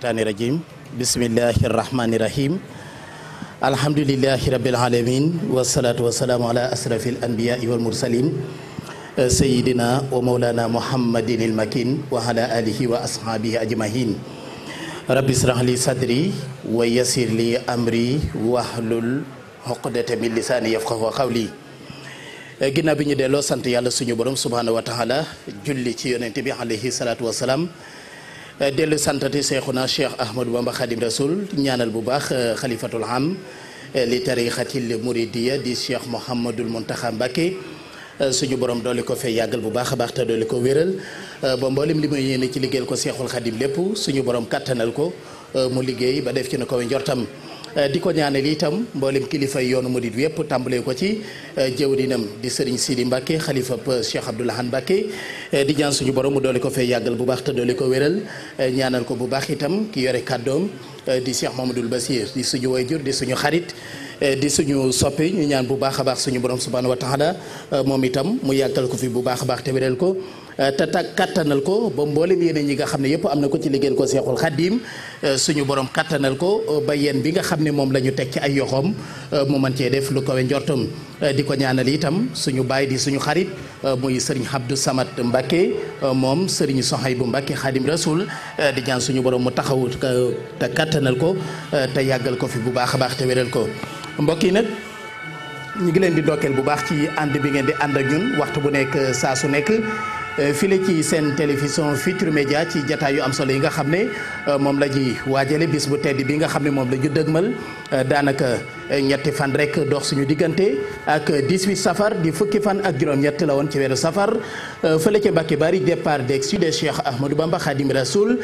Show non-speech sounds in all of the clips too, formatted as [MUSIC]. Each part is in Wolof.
sheytaani rajim bismillahi rahmani rahim alhamdulilahi rabil alamin wasalaatu wasalaamu ala asrafi al anbiyaai wal mursalin sayidina wa maulana muhammadin il makin wa ala alihi wa ashaabihi ajmahin rabbi israh li sadri wa yasir li amri wahlul xoqdata min lisaani yafqahu qawli ginnaaw bi ñu delloo sant yàlla suñu borom subhanahu wa taala julli ci yonente bi alayhi salaatu wasalaam dellu santati seexuna cheikh ahmadou bamba xadim rasul ñaanal bu baax euh, xalifatul am euh, li tarixatil muridiya di cheikh mouhamadul muntaxa mbàkke euh, suñu borom dooli ko fee yàggal bu baax a baax te dooli ko wéral ba mboolem li muy yéene ci liggéeyal ko seexul xadim lépp suñu borom kàttanal ko mu liggéey ba def ci na ko njortam Eh, di ko ñaanal itam mboolem kilifa yoonu murid yëpp tàmbalee ko ci eh, jëwrinam di sëriñ Sidi Mbacke xalifa Cheikh Abdoul Ahad Mbacke eh, di ñaan suñu borom mu doole ko fee yàggal bu baax te doole ko wéral ñaanal ko bu baax itam ki yore kàddoom di Cheikh Mamadou Bassir di suñu wayjur di suñu xarit di suñu soppi ñu ñaan bu baax a baax suñu borom subhaanahu wa taala moom itam mu yàggal ko fi bu baax a baax te wéral ko. Euh, te tak kattanal ko ba mboolem yeneen yi nga xam ne yëpp am na ko ci liggéeyal ko Seexul Xaddiim euh, suñu borom kattanal ko euh, ba yen bi nga xam ne moom la ñu teg ci ay yoxoom mu man cee def lu kawe njortam di ko ñaanal itam suñu baay di suñu xarit muy sëriñ Abdou Samad Mbacké moom sëriñ Sohaybu Mbacké Xaadim Rasul di ñaan suñu borom mu taxawu te kattanal ko te yàggal ko fi bu baax a baax te wéral ko mbokk nag ñu ngi leen di ndokkeel bu baax ci ànd waxtu bu nekk saa su nekk Eh, file ci seen télévision Futurs Médias ci jataay yu am solo yi nga xam ne eh, moom la ñuy waajale bis bu tedd bi nga xam ne moom la ñu dëgmal eh, daanaka ñetti fan rek dox suñu diggante ak 18 safar di fukki fan ak juróom-ñett la woon ci weeru safar fële ca Mbàkke Bari départ des Sud Cheikh Ahmadou Bamba Khadim Rasoul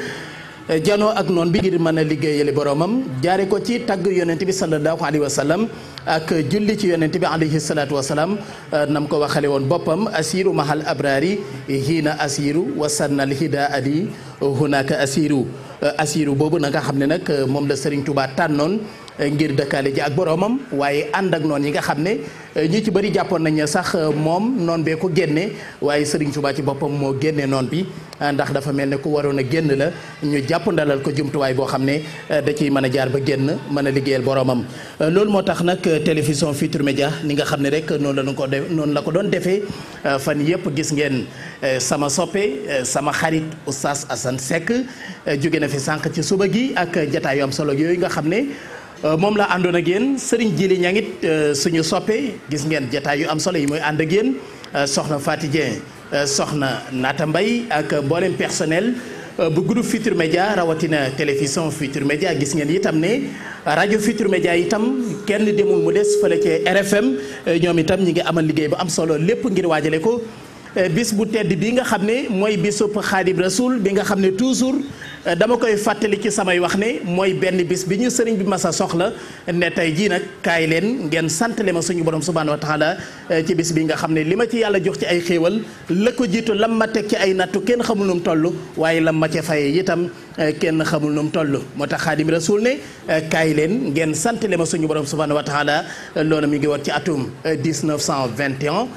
jano ak noon bi ngir mën a liggéeyali boromam jaare ko ci tagg yonent bi sallallahu alayhi wa sallam ak julli ci yonent bi alayhi salaatu wa salaam euh, nam ko waxale woon boppam asiru mahal abrari hiina asiru wasannal hida ali hunaka asiru euh, asiru boobu na nga xam ne nag euh, moom la Serigne tan noon ngir dëkkaale ji ak boroomam waaye ànd ak noon yi nga xam ne eh, ñi ci bëri jàppoon nañ sax eh, moom noon bee ko génne waaye Serigne Touba ci boppam moo génne noon bi eh, ndax dafa mel ne ku waroon a génn la ñu jàpp ndalal ko jumtuwaay boo xam ne da ciy mën a jaar ba génn mën a liggéeyal boroomam. loolu moo tax nag télévision Futurs média ni nga xam ne rek noonu la ko def noonu ko doon defee fan yëpp gis ngeen sama soppe sama xarit sas Assane Seck jóge na fi sànq ci suba gi ak jataay yu am solo yooyu nga xam ne. Euh, moom laa àndoon ak yéen Serigne Jili ña ngit euh, suñu soppe gis ngeen jataay yu am solo yi mooy ànd ak yéen euh, soxna Fatou soxna Naata Mbaye ak mboolem personnel bu groupe Futur Média rawatina télévision Futur Média gis ngeen itam ne rajo Futur Média itam kenn demul mu des fële ci RFM ñoom itam ñi ngi amal liggéey bu am solo lépp ngir waajale ko bis bu tedd bi nga xam ne mooy bisub Xaadim Rasul bi nga xam ne toujours dama koy fàttali ci samay wax ne mooy benn bis bi ñu sëriñ bi ma sa soxla ne tey jii nag kaay leen ngeen santale ma suñu borom subhaanahu wa taala eh, ci bis bi nga xam ne li ma ci yàlla jox ci ay xéewal la jiitu lam ma teg ci ay nattu kenn xamul nu mu toll waaye ma ca faye itam eh, kenn xamul nu mu toll moo tax xaadim rasul eh, kaay leen ngeen santale ma suñu borom subhaanahu wa taala loolu mi ngi woon ci atum 1921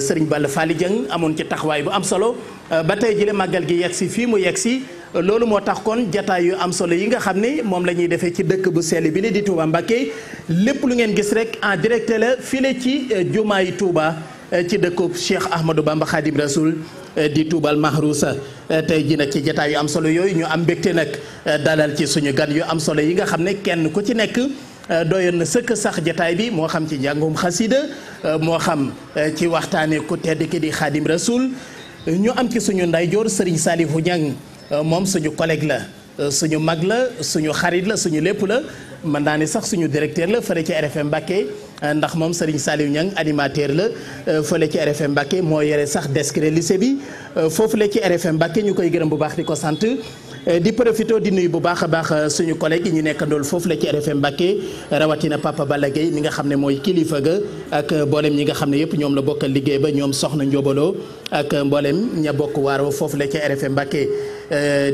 sëriñ Balla Fally Dieng amoon ci taxawaay bu am solo ba tey jële màggal gi yegg si fii mu yegg si loolu moo tax kon jataay yu am solo yi nga xam ni moom la ñuy defee ci dëkk bu sell bi li di Touba Mbacké lépp lu ngeen gis rek en directeur la file ci euh, jumaay Touba euh, ci dëkkub Cheikh Ahmadou Bamba Khadim Rasoul euh, di tuubal mahrusa tey ji nag ci jataay yu am solo yooyu ñu am mbégte nag dalal ci suñu gan yu am solo yi nga xam ne kenn ku ci nekk doyan na sëkk sax jataay bi moo xam ci njàngum xasida moo xam ci waxtaanee ku tedd ki di Khadim Rasoul ñu am ci suñu ndeyjoor Serigne Salifou Niang Euh, moom suñu collègue la euh, suñu mag la suñu xarit la suñu lépp la mën naa ni sax suñu directeur la fële ci RFM Mbacké euh, ndax moom Serigne Saliou Niang animateur la fële ci RFM Mbacké moo yore sax desk lise bi foofu la ci RFM Mbacké ñu koy gërëm bu baax di ko sant Euh, di profito di nuyu bu baax a baax euh, suñu collègue yi ñu nekkandool foofu la ci RFM Mbacké rawatina Papa Balla Gueye mi nga xam ne mooy kilifa ga ak euh, mboolem ñi nga xam ne yëpp ñoom la bokk liggéey ba ñoom soxna Njóobaloo ak mbooleem ña bokk waaroo foofu la ci RFM Mbacké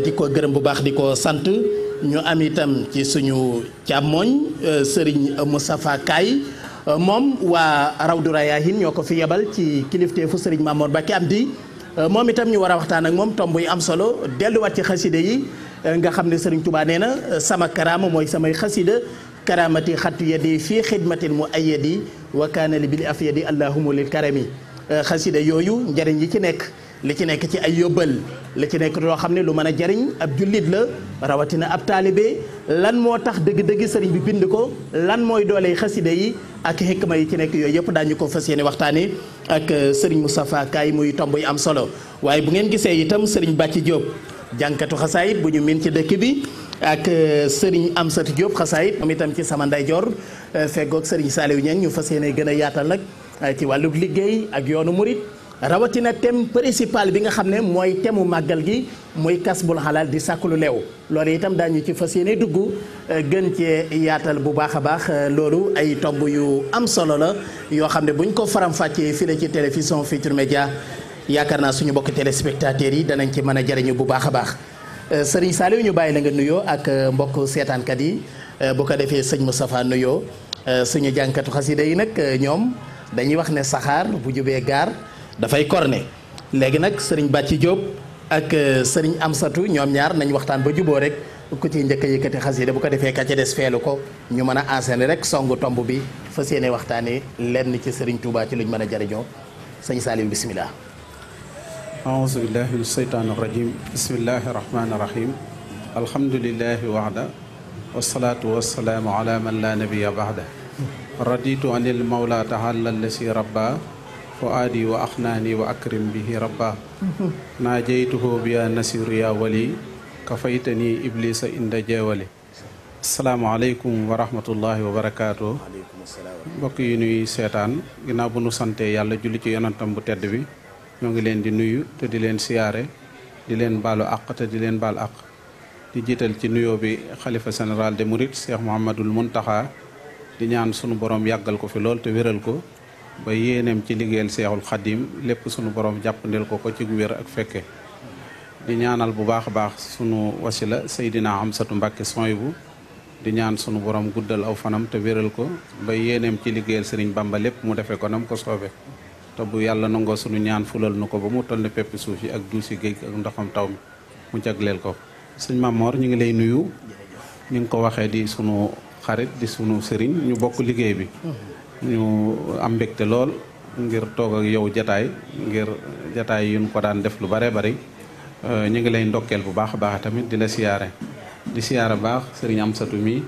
di ko gërëm bu baax di ko sant ñu am itam ci suñu càmmooñ sëriñ Moustapha moom waa Rawdu Rayahin ñoo ko fi yebal ci kilifteefu Serigne Mamour Mbacké am di Euh, moom itam ñu war a waxtaan ak moom tomb yi am solo delluwaat ci xasida yi euh, nga xam ne Serigne Touba nee na euh, sama karaama mooy samay xasida karaamati xattu yadi fii xidmatil mu ayyadi wa kaanali bil afyadi allahuma lil karami xasida yooyu njëriñ yi ci nekk li ci nekk ci ay yóbbal li ci nekk loo xam ne lu mën a jariñ ab jullit la rawatina ab taalibe lan moo tax dëgg-dëgg sëriñ bi bind ko lan mooy doole xaside yi ak xikma yi ci nekk yooyu yëpp ñu ko fas yéene waxtaanee ak euh, sëriñ Moustapha Kaay muy tomb yu am solo waaye bu ngeen gisee itam sëriñ Bàcci Diop jànkatu xasaayit bu ñu miin ci dëkk bi ak euh, sëriñ Amsatu Diop xasaayit am itam ci sama ndeyjoor euh, feggoog sëriñ Saliou Niang ñu fas yéene gën a yaatal nag ci wàllu liggéey ak yoonu murit rawatina thème principal bi nga xam ne mooy temu mu màggal gi muy kas bul xalaal di sàkk lu leew loolu itam ñu ci fas yéene dugg euh, gën cee yaatal bu baax a baax euh, loolu ay tomb yu am solo la yoo xam ne buñ ko faram-fàccee fii la ci télévision Futurs Médias yaakaar naa suñu mbokk téléspectateurs yi danañ ci mën a jariñu bu baax a baax euh, sëriñ Saliou ñu bàyyi la nga nuyoo ak mbokk seetaankat yi bu ko defee sëñ mu Moustapha nuyoo suñu jànkatu xas yi nag ñoom dañuy wax ne saxaar bu jubee gaar dafay korne léegi nag sëriñ Bàcci Diop ak euh, sëriñ Amsatu ñoom ñaar nañ waxtaan ba juboo rek ku ci njëkk a yëkkati xasida bu ko defee ka ca des feelu ko ñu mën a enchaîner rek songu tomb bi fas yéene waxtaanee lenn ci sëriñ Touba ci luñ mën a jariñoo sëñ Saliou bisimilah. aouzu billahi min seytaani rajim bismillahi rahmaani rahim alhamdulilahi waxda wasalaatu wasalaamu ala man la nabiya baxda raditu anil mawla taala allasi rabba fuaadi wa axnaani wa akrim bihi rabba naajaytuhu bi yaa nasiru yaa wali kafaytani iblisa inda jeewali asalaamaaleykum wa rahmatullahi wa barakaatu mbokk yi nuy seetaan ginaaw bu nu sante yàlla julli ci yonantam bu tedd bi ñoo ngi leen di nuyu te di leen siyaare di leen baalu àq te di leen baal àq di jiital ci nuyoo bi xalifa général de Mouride Cheikh mun Mountakha di ñaan sunu borom yàggal ko fi lool te wéral ko ba yéeneem ci liggéeyal seexul xadim lépp sunu borom jàppandil ko ko ci wér ak fekke di ñaanal bu baax a baax sunu wasila Seydina Amsatu Mbàkke Soyibu di ñaan sunu borom guddal aw fanam te wéral ko ba yéeneem ci liggéeyal Sëriñ Bamba lépp mu defee ko nam ko soobe te bu yàlla nangoo sunu ñaan fulal nu ko ba mu toll ne peppi suuf yi ak duusi géej ak ndoxam taw mi mu jagleel ko sëñ Mamor ñu ngi lay nuyu ñu ngi ko waxee di sunu xarit di sunu sëriñ ñu bokk liggéey bi ñu am mbégte lool ngir toog ak yow jataay ngir jataay yu ko daan def lu bare bari euh, ñu ngi lay ndokkeel bu baax a baax tamit di la siyaare di siyaare baax sëriñ Amsatu mi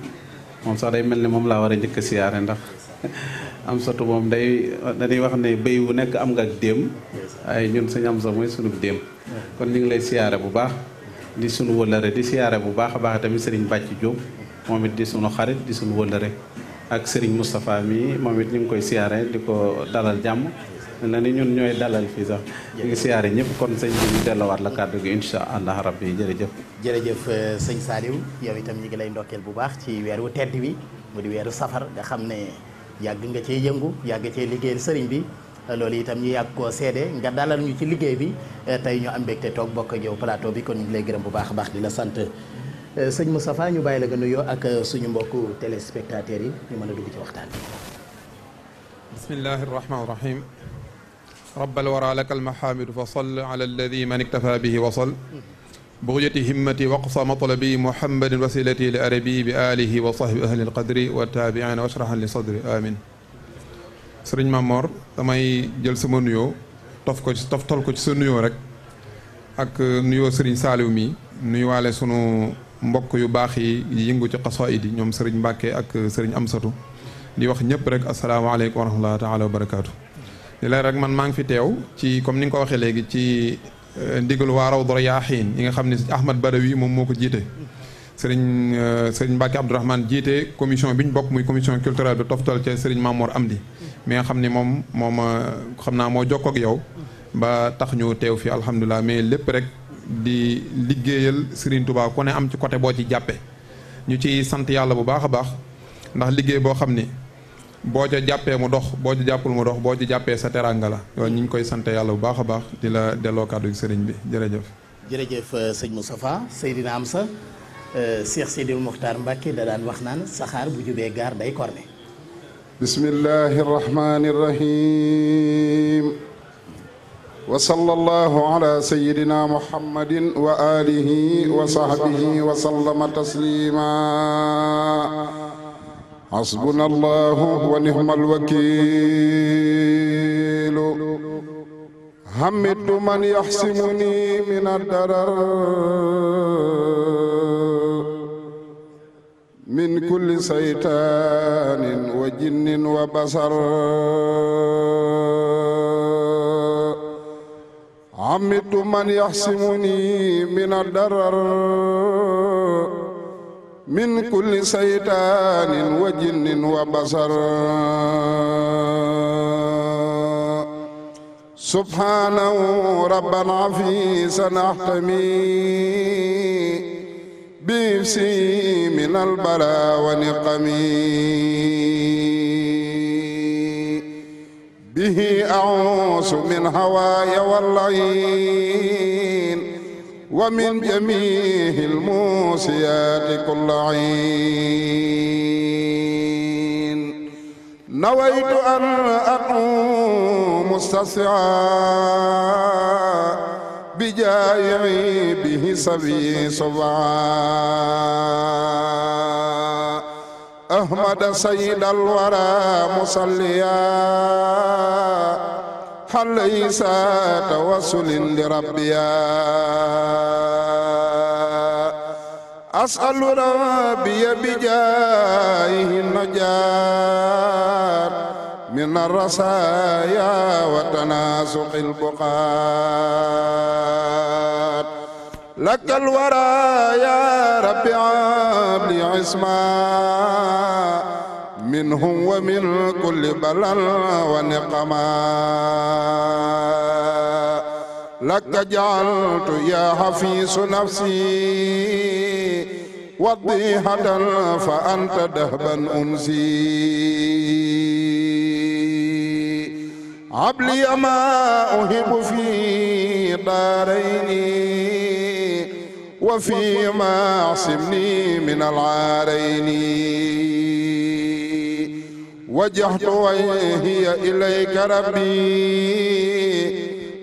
moom sax day mel ne moom laa war a njëkk a siyaare ndax [LAUGHS] Amsatu moom day dañuy wax ne béy bu nekk am nga ak déem ay ñun sëñ Amsa mooy sunu dém kon ñu ngi lay siyaare bu baax di sunu wëllëre di siyaare bu baax a baax tamit sëriñ Bàcc Diop moom it di sunu xarit di sunu wëllëre ak Serigne Moustapha mi moom it ñu ngi koy siyaare di ko dalal jàmm na ni ñun ñooy dalal fii sax ñu ngi siyaare ñëpp kon sëñ bi ñu delluwaat la kàddu gi incha allah rabbi jërëjëf. jërëjëf euh, sëñ Saliou yow itam ñu ngi lay ndokkeel bu baax ci weeru tedd wi mu di weeru safar nga xam ne yàgg nga cee yëngu yàgg cee liggéeyal sëriñ bi. loolu itam ñu yàgg koo seede nga dalal ñu ci liggéey bi euh, tey ñu am mbégte toog bokk ak yow plateau bi kon ñu ngi lay gërëm bu baax a baax dina la sant. Euh, sëñ Moustapha ñu bàyyi la nga nuyoo ak euh, a ci waxtaan bi. bismillahi rahmaani rahim. rabbal wara laka almahaamidu fa sall ala alladi man iktafa bihi wa sall. buxjati himmati waqsa matlabi muhammadin wasilati li arabi bi alihi wa sahbi ahli alqadri wa taabiina washrahan li jël sama nuyoo tof ko ci toftal sa nuyoo rek ak euh, nuyoo mbokk yu baax yi yëngu ci xasaayid idi ñoom sëriñ Mbàkke ak sëriñ Amsatu di wax ñëpp rek asalaamaaleykum wa rahmatullahi taala wa barakaatu. di la rek man maa ngi fi teew ci comme ni nga ko waxee léegi ci euh, ndigal waa Rawdu Rayaahiin yi nga xam ne Ahmad Badawi moom moo ko jiite. sëriñ euh, sëriñ Mbàkke Abdourahmane jiite commission bi ñu bokk muy commission culturelle bi toftal ca sëriñ Mamour Amdi mi nga xam ni moom moom xam naa moo jokkoo yow. ba tax ñu teew fii alhamdulilah mais lépp rek. di liggéeyal Serigne Touba ku ne am ci côté boo ci jàppee ñu ci sant yàlla bu baax a baax ndax liggéey boo xam ni boo ca jàppee mu dox boo ca jàppul mu dox boo ci jàppee sa teranga la yow ñu ngi koy sant yàlla bu baax a baax di la delloo kàddu Serigne bi jërëjëf. jërëjëf euh, sëñ Moustapha Seydina Amsa euh, Cheikh Seydi Mokhtar Mbacke da daan wax naan saxaar bu jubee gaar day korne. bismillahi وصلى الله على سيدنا محمد وآله وصحبه وسلم تسليما حسبنا الله ونعم الوكيل همدت من يحسمني من الضرر من كل شيطان وجن وبشر عمدت من يحسمني من الضرر من كل شيطان وجن وبشر سبحانه ربا عفيسا احتمي بنفسي من البلا ونقمي به أعوذ من هواي واللعين ومن جميع الموسيات كل عين نويت أن أقوم مستسعى بجايعي به سبي صبعا أحمد سيد الورى مصليا حل عيسى توسل لربيا أسأل ربي بجائه النجاة من الرسايا وتناسق البقات لك الورى يا رب عبلي عصما منهم ومن كل بلل ونقما لك جعلت يا حفيظ نفسي وضيحة فأنت دهبا أمسي عبلي ما أهب في داريني وفيما عصمني من العارين وجهت وجهي إليك ربي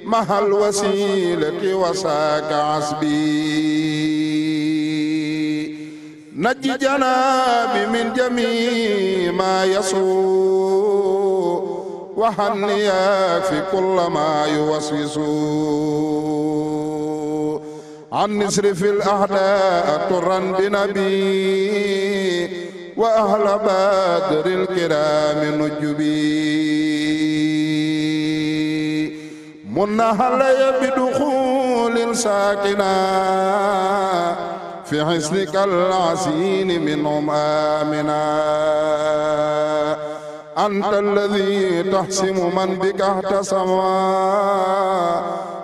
مع الوسيلة وساك عسبي نجي جنابي من جميع ما يسوء وحنيا في كل ما يوسوس عن نسرف الأعداء طرا بنبي وأهل بدر الكرام نجبي منها لي بدخول ساكنا في حسنك العسين منهم آمنا أنت الذي تحسم من بك احتسما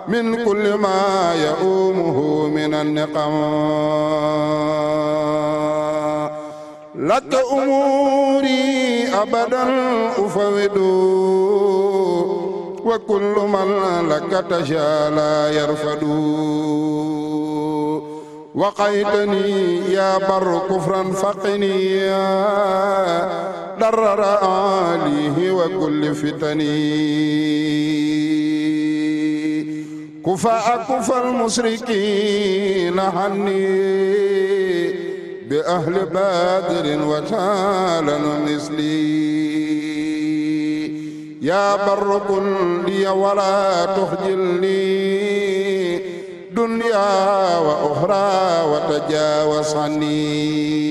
من كل ما يؤومه من النقم لك أموري أبدا أفوض وكل من لك تجالى يرفض وقيتني يا بر كفرا فقني درر آليه وكل فتني كفى أكفى المشركين عني بأهل بدر وتعالى مثلي يا بر كن لي ولا تخجلني دنيا وأخرى وتجاوز عني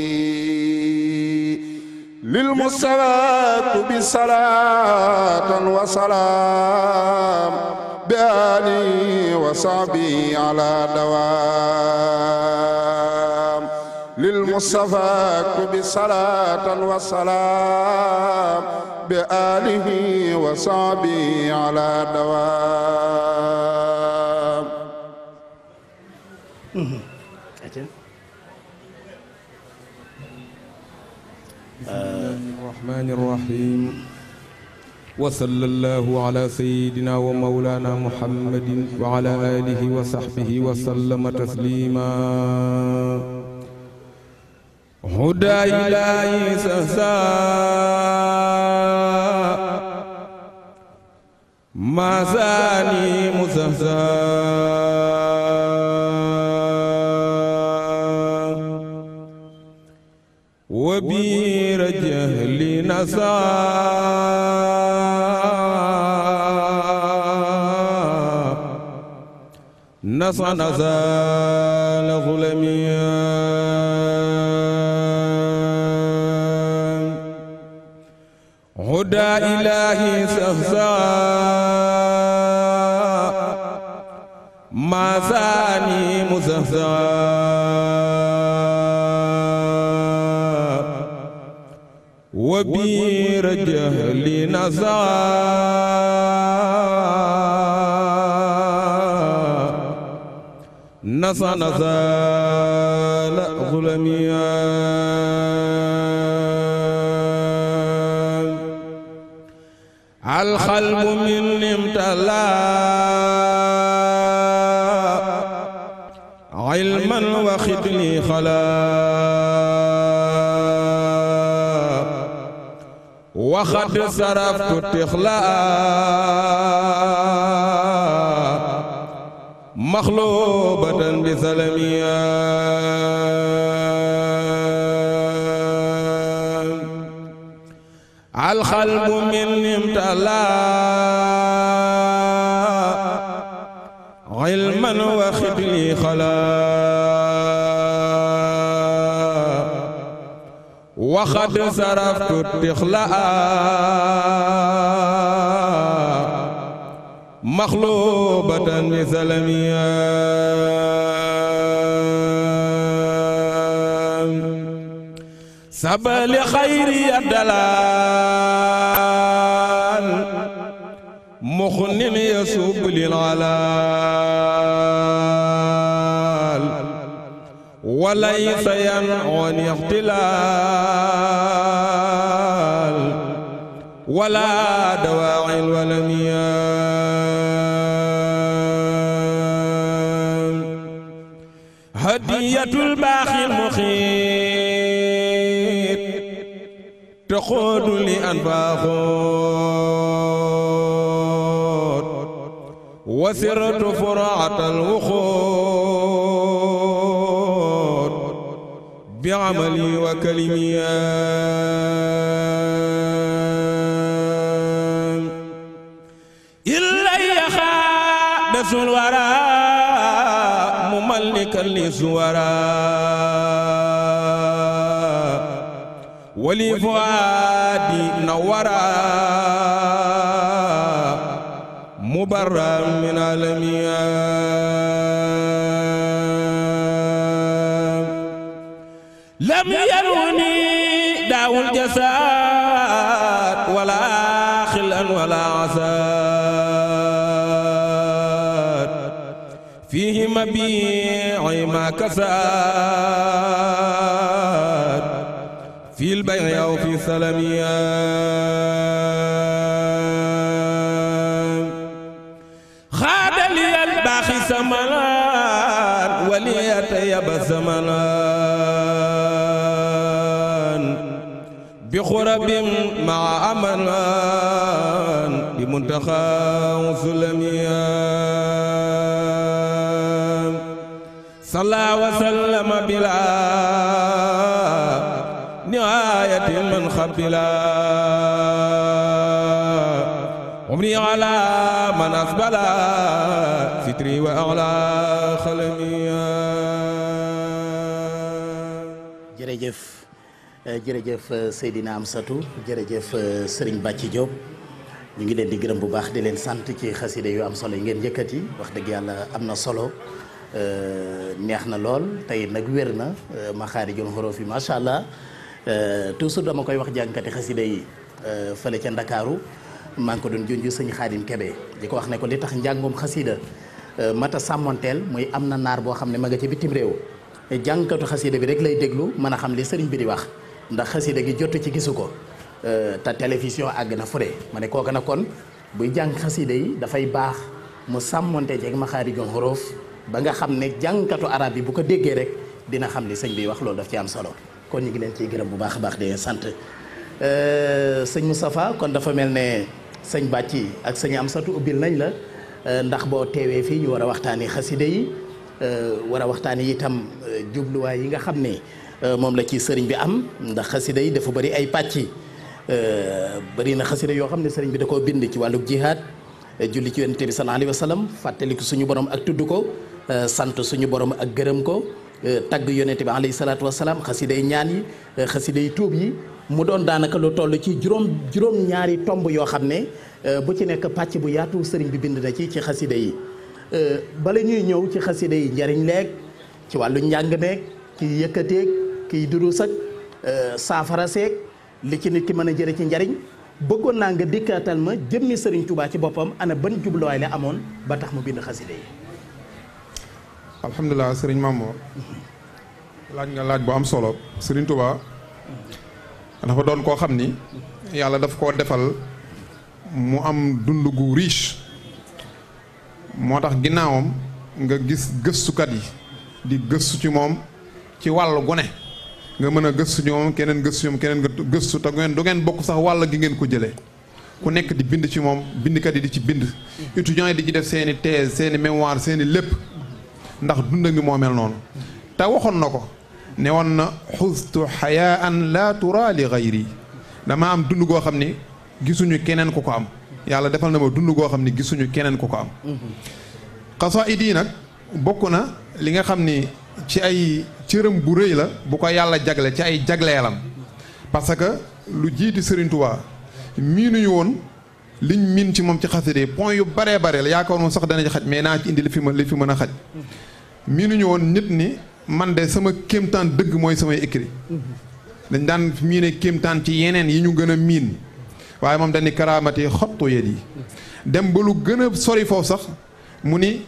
للمستوى بصلاة وسلام بآله وصحبه على دوام للمصطفى كب صلاة وسلام بآله وصحبه على دوام الرحمن الرحيم wa sallallahu ala sayyidina wa mawlana muhammadin wa ala alihi wa sahbihi wa sallama taslima هدى إلهي سهزاء ما زاني مسهزاء وبير جهل نساء حسن زال غلميا هدى إلهي سهزا ما ثاني مزهزا وبير جهل نزار nasa nasa la xulamiyaa alxalbu min imtalaa ilman wa xidni xalaa waxad saraftu tixlaa maxlubatan bi salamiya alxalbu min imtala ilman wa xitli xala waxad saraftu tixlaa maxlubatan bi salamiya sabali xayri addalaan muxnin yasub lil alaal walaysa yan'un ixtilaal wala dawaa'il walamiya xiblatul baaxil muxiit te xoodu li an baaxoot wasiratu furaatal wuxoot bi amali wa kalimiyaa salli suwara wali fuadi nawara mubarram min alamiya lam yaruni daawul jasad wala xilan wala asad مبيع ما كساد في البيع أو في السلمية خاد لي الباخي سملان ولي أتيب سملان بخرب مع أملان بمنتخى سلميان ولاية من خبلا عمري على من jërëjëf jërëjëf Seydina Amsatou jërëjëf Serigne Bàcci Diop ñu ngi leen di gërëm bu baax di leen sant ci xaside yu am solo yi ngeen yëkkati wax dëgg yàlla am na solo neex na lool tey nag wér na maxaarijul xuruf yi macha allah. Euh, toujours dama koy wax jànkati xasida yi euh, fële ca ndakaaru maa ngi ko doon junj sëñ xaadim kebe di ko wax ne ko li tax njàngum xasida euh, mata sàmmoonteel muy am na naar boo xam ne ma nga ca bitim réew jànkatu xasida bi rek lay déglu mën a xam li sëriñ bi di wax ndax xasida gi jot ci gisu ko te télévision àgg na fu ne ma ne kooku na kon buy jàng xasida yi dafay baax mu sàmmonte ci ak maxaarijul xuruuf ba nga xam ne jànkatu arab bi bu ko déggee rek dina xam li sëñ bi wax loolu daf ci am solo kon ñu ngi leen ciy gërëm bu baax a baax di sant euh, sëñ Moustapha kon dafa mel ne sëñ yi ak sëñ satu ubbil nañ la euh, ndax boo teewee fii ñu war a waxtaanee xaside yi euh, war a waxtaanee itam jubluwaay yi nga xam ne moom la ci sëriñ bi am ndax xasida yi dafa bari ay pàcc bëri na xasida yoo xam ne sëriñ bi da koo bind ci wàllu jihaad julli ci yonent bi sallallahu alayhi wa fàttaliku suñu borom ak tudd ko sant suñu borom ak gërëm ko. Euh, tagg yonent bi alayhi salaatu wasalaam xasiday ñaan yi euh, xasiday tuub yi mu doon daanaka lu toll ci juróom juróom ñaari tomb yoo xam ne euh, bu ci nekk pàcc bu yaatu sëriñ bi bind na ci ci xasida yi bala ñuy ñëw ci xasida yi njariñ leeg ci wàllu njàng meeg kiy yëkkateeg kiy durus ak saafara seeg li ci nit ki mën a jëre ci njariñ bëggoon naa nga dikkaatal ma jëmmi sëriñ Tuubaa ci boppam ana ban jubluwaay la amoon ba tax mu bind xasida yi alhamdulilah sëriñ Mamour laaj nga laaj bu am solo sëriñ Touba dafa doon koo xam ni yàlla daf koo defal mu am dund gu riche moo tax ginnaawam nga gis gëstukat yi di gëstu ci moom ci wàll gu ne nga mën a gëstu ñoom keneen gëstu ñoom keneen gëstu te ngeen du ngeen bokk sax wàll gi ngeen ko jëlee ku nekk di bind ci moom bindkat yi di ci bind mm. étudiants yi di ci def seeni i seeni seen seeni lépp ndax dunda mi moo mel noonu te waxoon na ko ne woon na xustu xayaan laa tura xayri dama am dund goo xam ni gisuñu keneen ku ko am yàlla defal na ma dund goo xam ni gisuñu keneen ku ko am xasaayid yi nag bokk na li nga xam ni ci ay cëram bu rëy la bu ko yàlla jagle ci ay jagleelam parce que lu jiiti Sëriñ Tuubaa miinuñu woon liñ miin ci moom ci xasida point yu baree bare la yaakaaroon sax danañ xaj mais naa ci indi li fi ma li fi mën a xaj miinuñu woon nit ni man de sama kéemtaan dëgg mooy samay écrit dañ daan miine kéemtaan ci yeneen yi ñu gën a miin waaye moom dañ karaamati xottu yet yi dem ba lu gën a sori foofu sax mu ni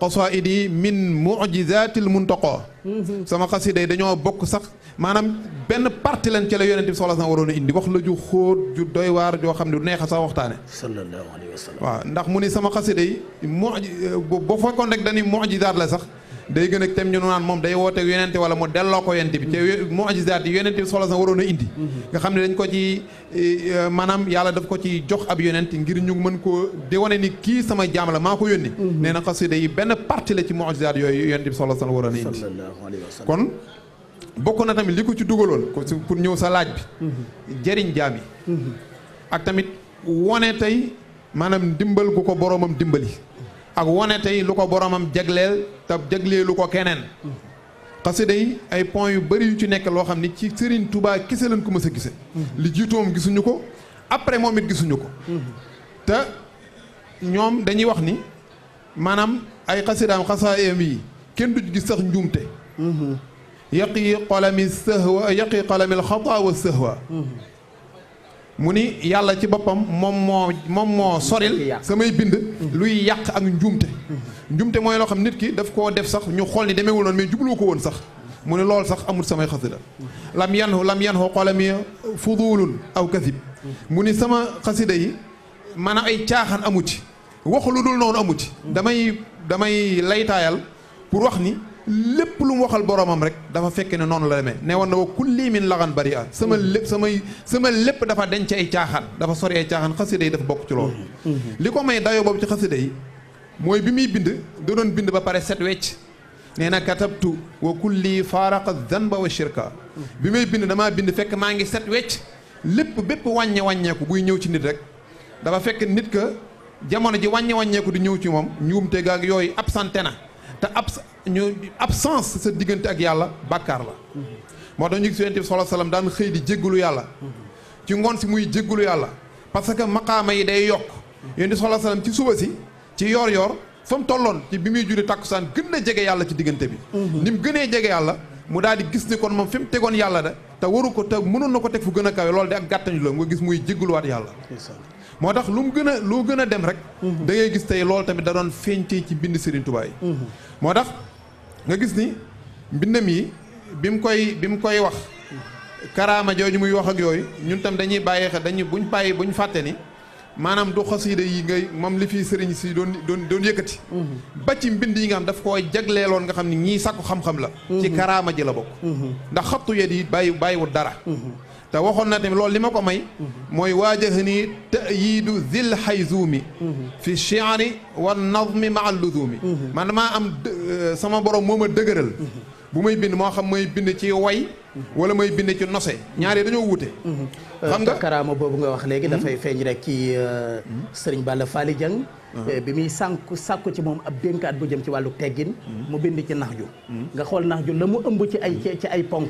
xasaid yi min mujizatil muntaqa sama xasida yi dañoo bokk sax maanaam benn parti lañ ci la yonent bi sallallahu alayhi wasallam waroon a indi wax la ju xóot ju doy waar joo xam ne du neex a sax waxtaane sallallahu alayhi waaw ndax mu ni sama xasida yi muj bu fekkoon rek dañuy mujizaat la sax day gën ak tam ñu naan moom day wooteeg yonente wala mu delloo ko yonente bi te mu'jizaat yi yonente bi solo sa waroon a indi mm-hmm. nga xam ne dañ ko ci eh, eh, maanaam yàlla daf ko ci jox ab yonent ngir ñu mën koo di ni kii sama jaam maa ko yónni mm-hmm. nee na xasida yi benn partie la ci mu'jizaat yooyu yonente bi solo sa waroon a indi kon bokk na tamit li ko ci dugaloon pour ñëw sa laaj bi mm-hmm. jariñ jaam ak tamit wone tey maanaam dimbal gu ko boroomam dimbali ak wone tey lu ko boromam jagleel te jagleelu ko keneen xasida yi ay point yu bëri yu ci nekk loo xam ni ci Serigne Touba kise lañ ko mës a li jiitoom gisuñu ko après moom it gisuñu ko te ñoom dañuy wax ni maanaam ay xasidaam xasaayam yi kenn duj gis sax njuumte mm-hmm. yaqi qalami sahwa yaqi qalami alxata wa sahwa mm-hmm. mu ni yàlla ci boppam moom moo moom moo soril samay bind luy yàq ak njuumte njuumte mooy loo xam nit ki daf koo def sax ñu xool ni demeewul noonu may jubluwu ko woon sax mu ne loolu sax amul samay xasida lam yanhu lam yanhu qalami fudulun aw kasib mu ni sama xasida yi maanaam ay caaxan amu ci wax lu dul noonu amu ci damay damay laytaayal pour wax ni lépp lu mu waxal boromam rek dafa fekk ne noonu la demee ne wan na wa kulli min laxan bari a sama lépp samay sama lépp dafa denc ay caaxaan dafa sori ay caaxaan xasida yi dafa bokku ci loolu mm-hmm. Mm-hmm. li ko may dayoo boobu ci xasida yi mooy bi muy bind da doon bind ba pare set wecc nee na katabtu wa kulli faaraqa zanba wa shirka mm-hmm. bi may bind damaa bind fekk maa ngi set wecc lépp bépp wàññe wàññeeku buy ñëw ci nit rek dafa fekk nit ka jamono ji wàññe wàññeeku di ñëw ci moom ñuumte gaag yooyu absenté na te abs ñu absence sa diggante ak yàlla bàkkaar la moo tax ñu gis yonent bi sallallahu alayhi wasallam daan xëy di jéggalu yàlla ci ngoon si muy jéggalu yàlla parce que maqaama yi day yokk yonent bi sallallahu alayhi wasallam ci suba si ci yoor yoor fa mu tolloon ci bi muy julli tàkkusaan gën na jege yàlla ci diggante bi mhm. ni mu gënee jege yàlla mu daal di gis ni kon moom fi mu tegoon yàlla de te waru ko te mënoon na ko teg fu gën a kawe loolu de ak gàttañ la nga gis muy jéggaluwaat yàlla moo tax lu mu gën a lu gën a dem rek. Mhm. da gis tey loolu tamit da doon feeñ ci bind Serigne Touba mhm. moo tax nga gis ni mbindam yi bi mu koy bi mu koy wax. karaama jooju muy wax ak yooyu ñun tam dañuy bàyyi xel dañuy buñ bàyyi buñ fàtte ni maanaam du xasiida yi ngay moom li fi sëriñ si doon doon doon yëkkati. Mhm. ba ci mbind yi nga xam daf koo jagleeloon nga xam ni ñii sàkku xam-xam la. ci karaama ji la bokk. ndax xattu yet yi bàyyi bàyyiwul dara. te waxoon na tamit loolu li ma ko may mhm. mooy waajah nii tayiidu zil hayzuumi mhm. fi chiari wa nazmi ma alluzuumi mhm. man damaa am sama borom moo ma dëgëral bu may bind moo xam mooy bind ci way wala may bind ci nose ñaaree dañoo wute mm-hmm. xam nga euh, karaama boobu nga wax léegi mm-hmm. dafay feeñ rek ci euh, mm-hmm. sëriñ Balla Faly Dieng uh-huh. euh, bi muy sànku sàkku ci moom ab dénkaat bu jëm ci wàllu teggin mu bind ci nax ju nga xool nax ju la mu ëmb ci ay ci ay ponk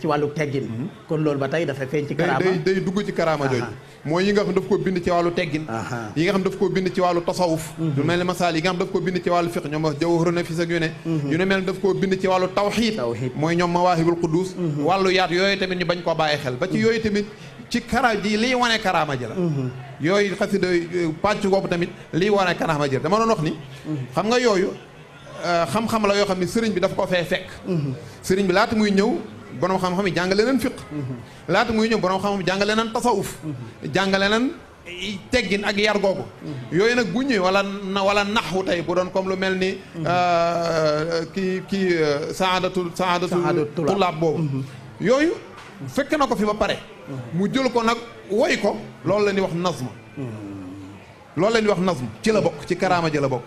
ci wàllu teggin kon loolu ba tey dafay feeñ ci karaama day dugg ci uh-huh. mooy yi nga xam daf koo bind ci wàllu teggin uh-huh. yi nga xam daf koo bind ci wàllu tasawuf du mel ni masaal yi nga xam daf koo bind ci wàllu fiq ñoom wax jawharu nafis ak yu ne yu ne mel daf koo bind ci wàllu tawxiid mooy ñoom mawaahibul quddus Mm-hmm. wàllu yaat yooyu tamit ñu bañ koo bàyyi xel ba ci mm-hmm. yooyu tamit ci kara ji liy wane karaama ji la mm-hmm. yooyu xasida euh, pàcc boobu tamit liy wane karaama ji la dama doon wax ni xam nga yooyu euh, xam-xam la yoo xam ne sëriñ bi dafa ko fee fekk sëriñ bi laata muy ñëw borom xam-xam yi jàngale nañ fiq laata muy ñëw borom xam-xam jàngale nañ tasawuf jàngale nañ teggin ak yar googu yooyu nag gu ñëwee wala na wala naxwu tey bu doon comme lu mel ni mhm. euh, kii kii saadatu saadatu tulaab boobu mhm. yooyu fekk na ko fi ba pare mhm. mu jël ko nag woy ko loolu la ñuy wax nazma loolu la ñuy wax nazma ci la bokk ci karaama ji bokk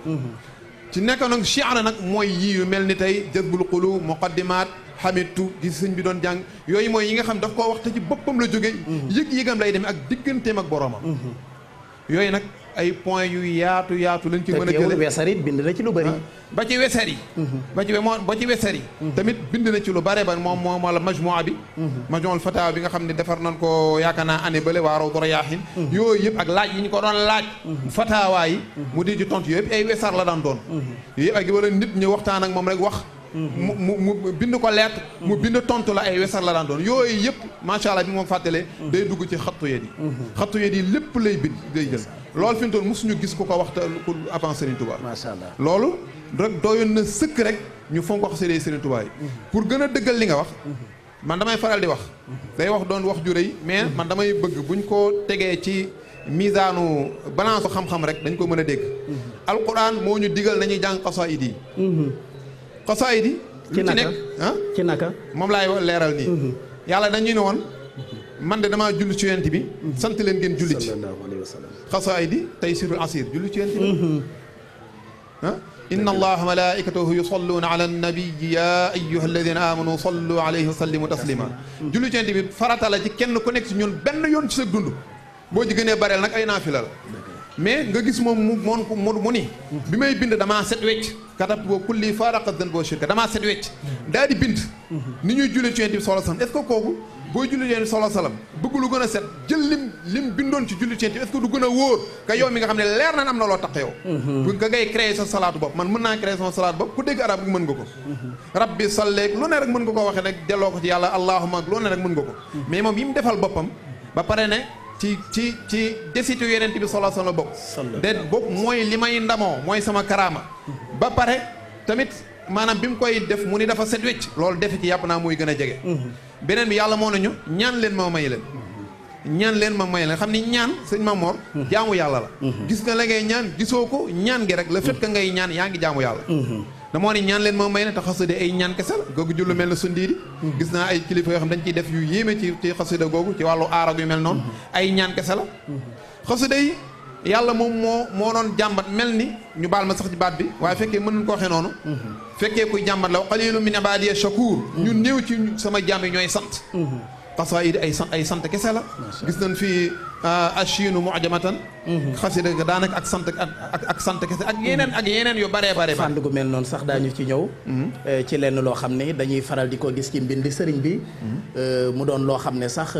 ci nekk nag chiara nag mooy yii yu mel ni tey jazbul qulub muqaddimaat xamitu gi sëñ bi doon jàng yooyu mooy yi nga xam daf koo wax te ci boppam la jóge mhm. yëg-yëgam lay demee ak digganteem ak boromam mhm. yooyu nag ay point yu yaatu yaatu lañ ci mën a jële wesar yi bind na ci ah. ba ci wesar yi mhm. ba ci moo tamit bind na ci lu bare ba moom moom wala majmoa bi majmoul fatawa bi nga xam ne defar nañ ko yaakaar naa année bële waa raw dora yaaxin yooyu yëpp ak laaj yi ñu ko doon laaj fatawaa yi mu di ci tontu yooyu yëpp ay wesar la daan doon yooyu yëpp ak wala waxtaan ak moom rek wax mu mu mu bind ko lettre. mu mm-hmm. bind tontu la ay wesar la daan doon yooyu yëpp macha allah bi moom fàttalee. Mm-hmm. day dugg ci xattu yet yi. Mm-hmm. xattu yet lépp lay bind day jël. loolu fi mu toll mosuñu gis ku ko waxta ku avant Serigne Touba. macha allah loolu rek doyoon na sëkk rek ñu fonk wax séddee Serigne Touba yi. pour gën a dëggal li nga wax. man damay faral di wax. day wax doon wax ju rëy mais man damay bëgg buñ ko tegee ci. misaanu balance xam-xam rek dañ ko mën a dégg. alquran moo ñu digal nañuy jàng xasaayid yi xasaayid yi ci nekk ah ci naka moom laay leeral nii mhm. yàlla dañuy ne woon man de damaa julli ci yonent bi mhm. sant leen ngeen julli ci xasaayid yi taysirul asir julli ci yonent bi mhm. ah inna allaha malaikatahu yusalluuna ala nabiyyi ya ayyuha alladina amanu sallu alayhi wa sallimu taslima julli ci yonent bi farata ci kenn ku nekk ci ñun benn yoon ci sa dund boo ci gënee bareel nag ay naa filal mais nga gis moom mu moon mu ni bi may bind damaa set wecc katab boo kulli faaraqa dan boo shirka damaa set wecc daal di bind ni ñuy jullee ci yonent bi sallallahu kooku booy julli yonent bi sallallahu bëgg lu gën a set jël lim lim bindoon ci julli ci yonent du gën a wóor ka mi nga xam ne leer na am na loo taq yow mhm. bu nga ngay créer sa salaatu bopp man mën naa créer sama salaatu bopp ku dégg arab gi mën nga ko mhm. rabbi salleeg lu waxee rek delloo ko lu ko mhm. mais moom yi mu defal ci ci ci desitu yeneen bi solo solo bokk de bokk mooy li may ndamoo mooy sama karaama ba pare tamit maanaam bi mu koy def mu ni dafa set wecc loolu defe ci yàpp naa muy gën a jege mhm. beneen bi yàlla moo nañu ñaan leen ma may leen ñaan leen ma may leen xam ni ñaan sëñ Mamor mhm. jaamu yàlla la mhm. gis nga la ngay ñaan gisoo ko ñaan gi rek la fait que ngay ñaan yaa ngi jaamu yàlla te moo ne ñaan leen moom may na te xasida ay ñaan la googu jullu mel na sundiidi gis naa ay kilifa mm-hmm. ñu baal ma sax ci baat bi waaye mm-hmm. fekkee mën nañ ko waxee noonu mm-hmm. fekkee kuy jàmbat la wa qalilun min ibadiya shakur ñu néew ci sama jàmm yi ñooy sant xasaayid ay sant ay sant kese la gis nañ fii Euh, achiinu mujamatan mhm. xasida ga daanaka ak sant ak ak sant kese ak yeneen ak yeneen yu bare bare fànn gu mel noonu sax daañu ci ñëw mhm. euh, ci lenn loo xam ne dañuy faral di ko gis ci mbind sëriñ bi mhm. euh, mu doon loo xam ne sax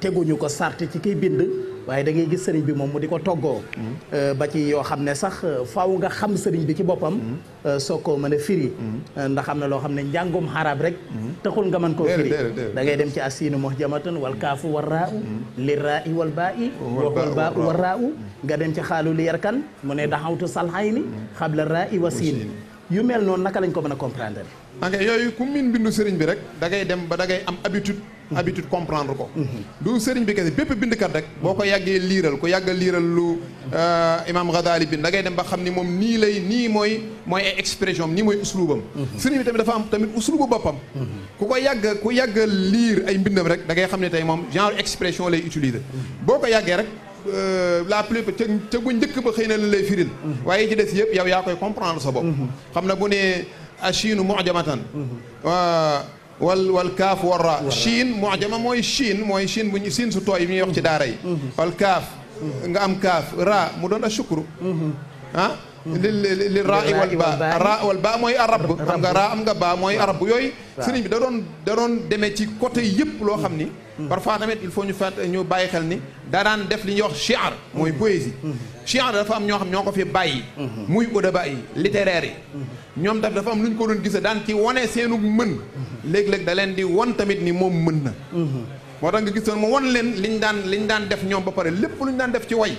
teguñu ko sart ci kiy bind waaye da ngay gis sëriñ bi moom mu di ko toggoo mm-hmm. ba ci yoo xam ne sax faaw nga xam sëriñ bi ci boppam mm-hmm. euh, soo ko mën a firi mm-hmm. ndax am na loo xam ne njàngum xaraab rek taxul nga mën koo firi da ngay dem ci asiinu muhjamatan wal kaafu war raa u li raa i wal baa i waxul baa u war raa u nga dem ci xaalu li yarkan mu ne daxawtu salxay ni xabla raa i wa siin yu mel noon naka lañ ko mën a comprendre ok yooyu ku min bindu sëriñ bi rek da ngay dem ba dangay am habitude habitude comprendre ko mhm. du sëriñ bi kese bépp kat rek boo ko yàggee liiral ko yàgga liiral lu euh, imam Ghazali bin da ngay dem ba xam ni moom nii lay nii mooy mooy ay expression nii mooy usluubam mhm. sëriñ bi tamit dafa am tamit usluubu boppam mhm. ku ko yàgg ku yàgga liir ay mbindam rek da ngay xam ne tey moom genre expression lay utiliser boo ko yàggee rek euh, la pluie ca ca bu njëkk ba xëy na la lay firil waaye ci des yëpp yow yaa koy comprendre sa bopp xam na bu ne achinu mojamatan wal wal kaaf warra chiin mojama mooy chiin mooy chiin bu ñu siin su tooy bi ñuy wax ci daaray yi mm-hmm. wal kaaf nga am kaaf ra mu doon a shukru mm-hmm. ah li li li raa wal baa raa wal baa mooy arab xam nga raa am nga baa mooy arab yooyu sëriñ bi da doon da demee ci côté yëpp loo xam ni mm-hmm. parfois tamit il faut ñu fa ñu bàyyi xel ni daa daan def li ñuy wax shiar mooy mm-hmm. poésie shiar mm-hmm. dafa am ñoo xam ñoo ko bàyyi muy udaba yi littéraire yi ñoom tamit dafa am lu ñu ko doon gisa daan ci wane seenu mën léeg-léeg da leen di won tamit ni moom mën na moo tax nga gisoon mu won leen liñ daan liñ daan def ñoom ba pare lépp lu ñu daan def ci way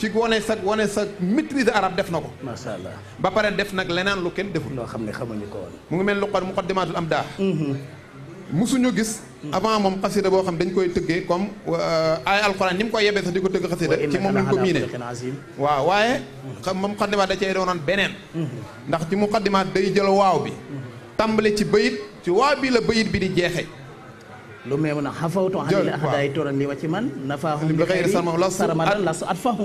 ci wane sa wane sa maîtrise arab def na ko. macha allah ba pare def nag leneen lu kenn deful. loo xam ne xamuñu ko mu ngi mel luqat muqaddimatul am daax. Mm-hmm. suñu gis. avant moom xasida boo xam dañ koy tëggee comme euh, ay alxuraan ni mu koy yebee sax di ko tëgg xasida ci moom lañ ko miinee waaw waaye xam moom muqaddimaat da cay doonoon beneen mm-hmm. ndax ci muqaddimaat day jël waaw bi mm-hmm. tàmbale ci bayit ci waaw bii la bayit bi di jeexee lu meew na xafawtu anil ahdaay turan li wa ci man nafaahum bi xayri saramadan lasu at fahu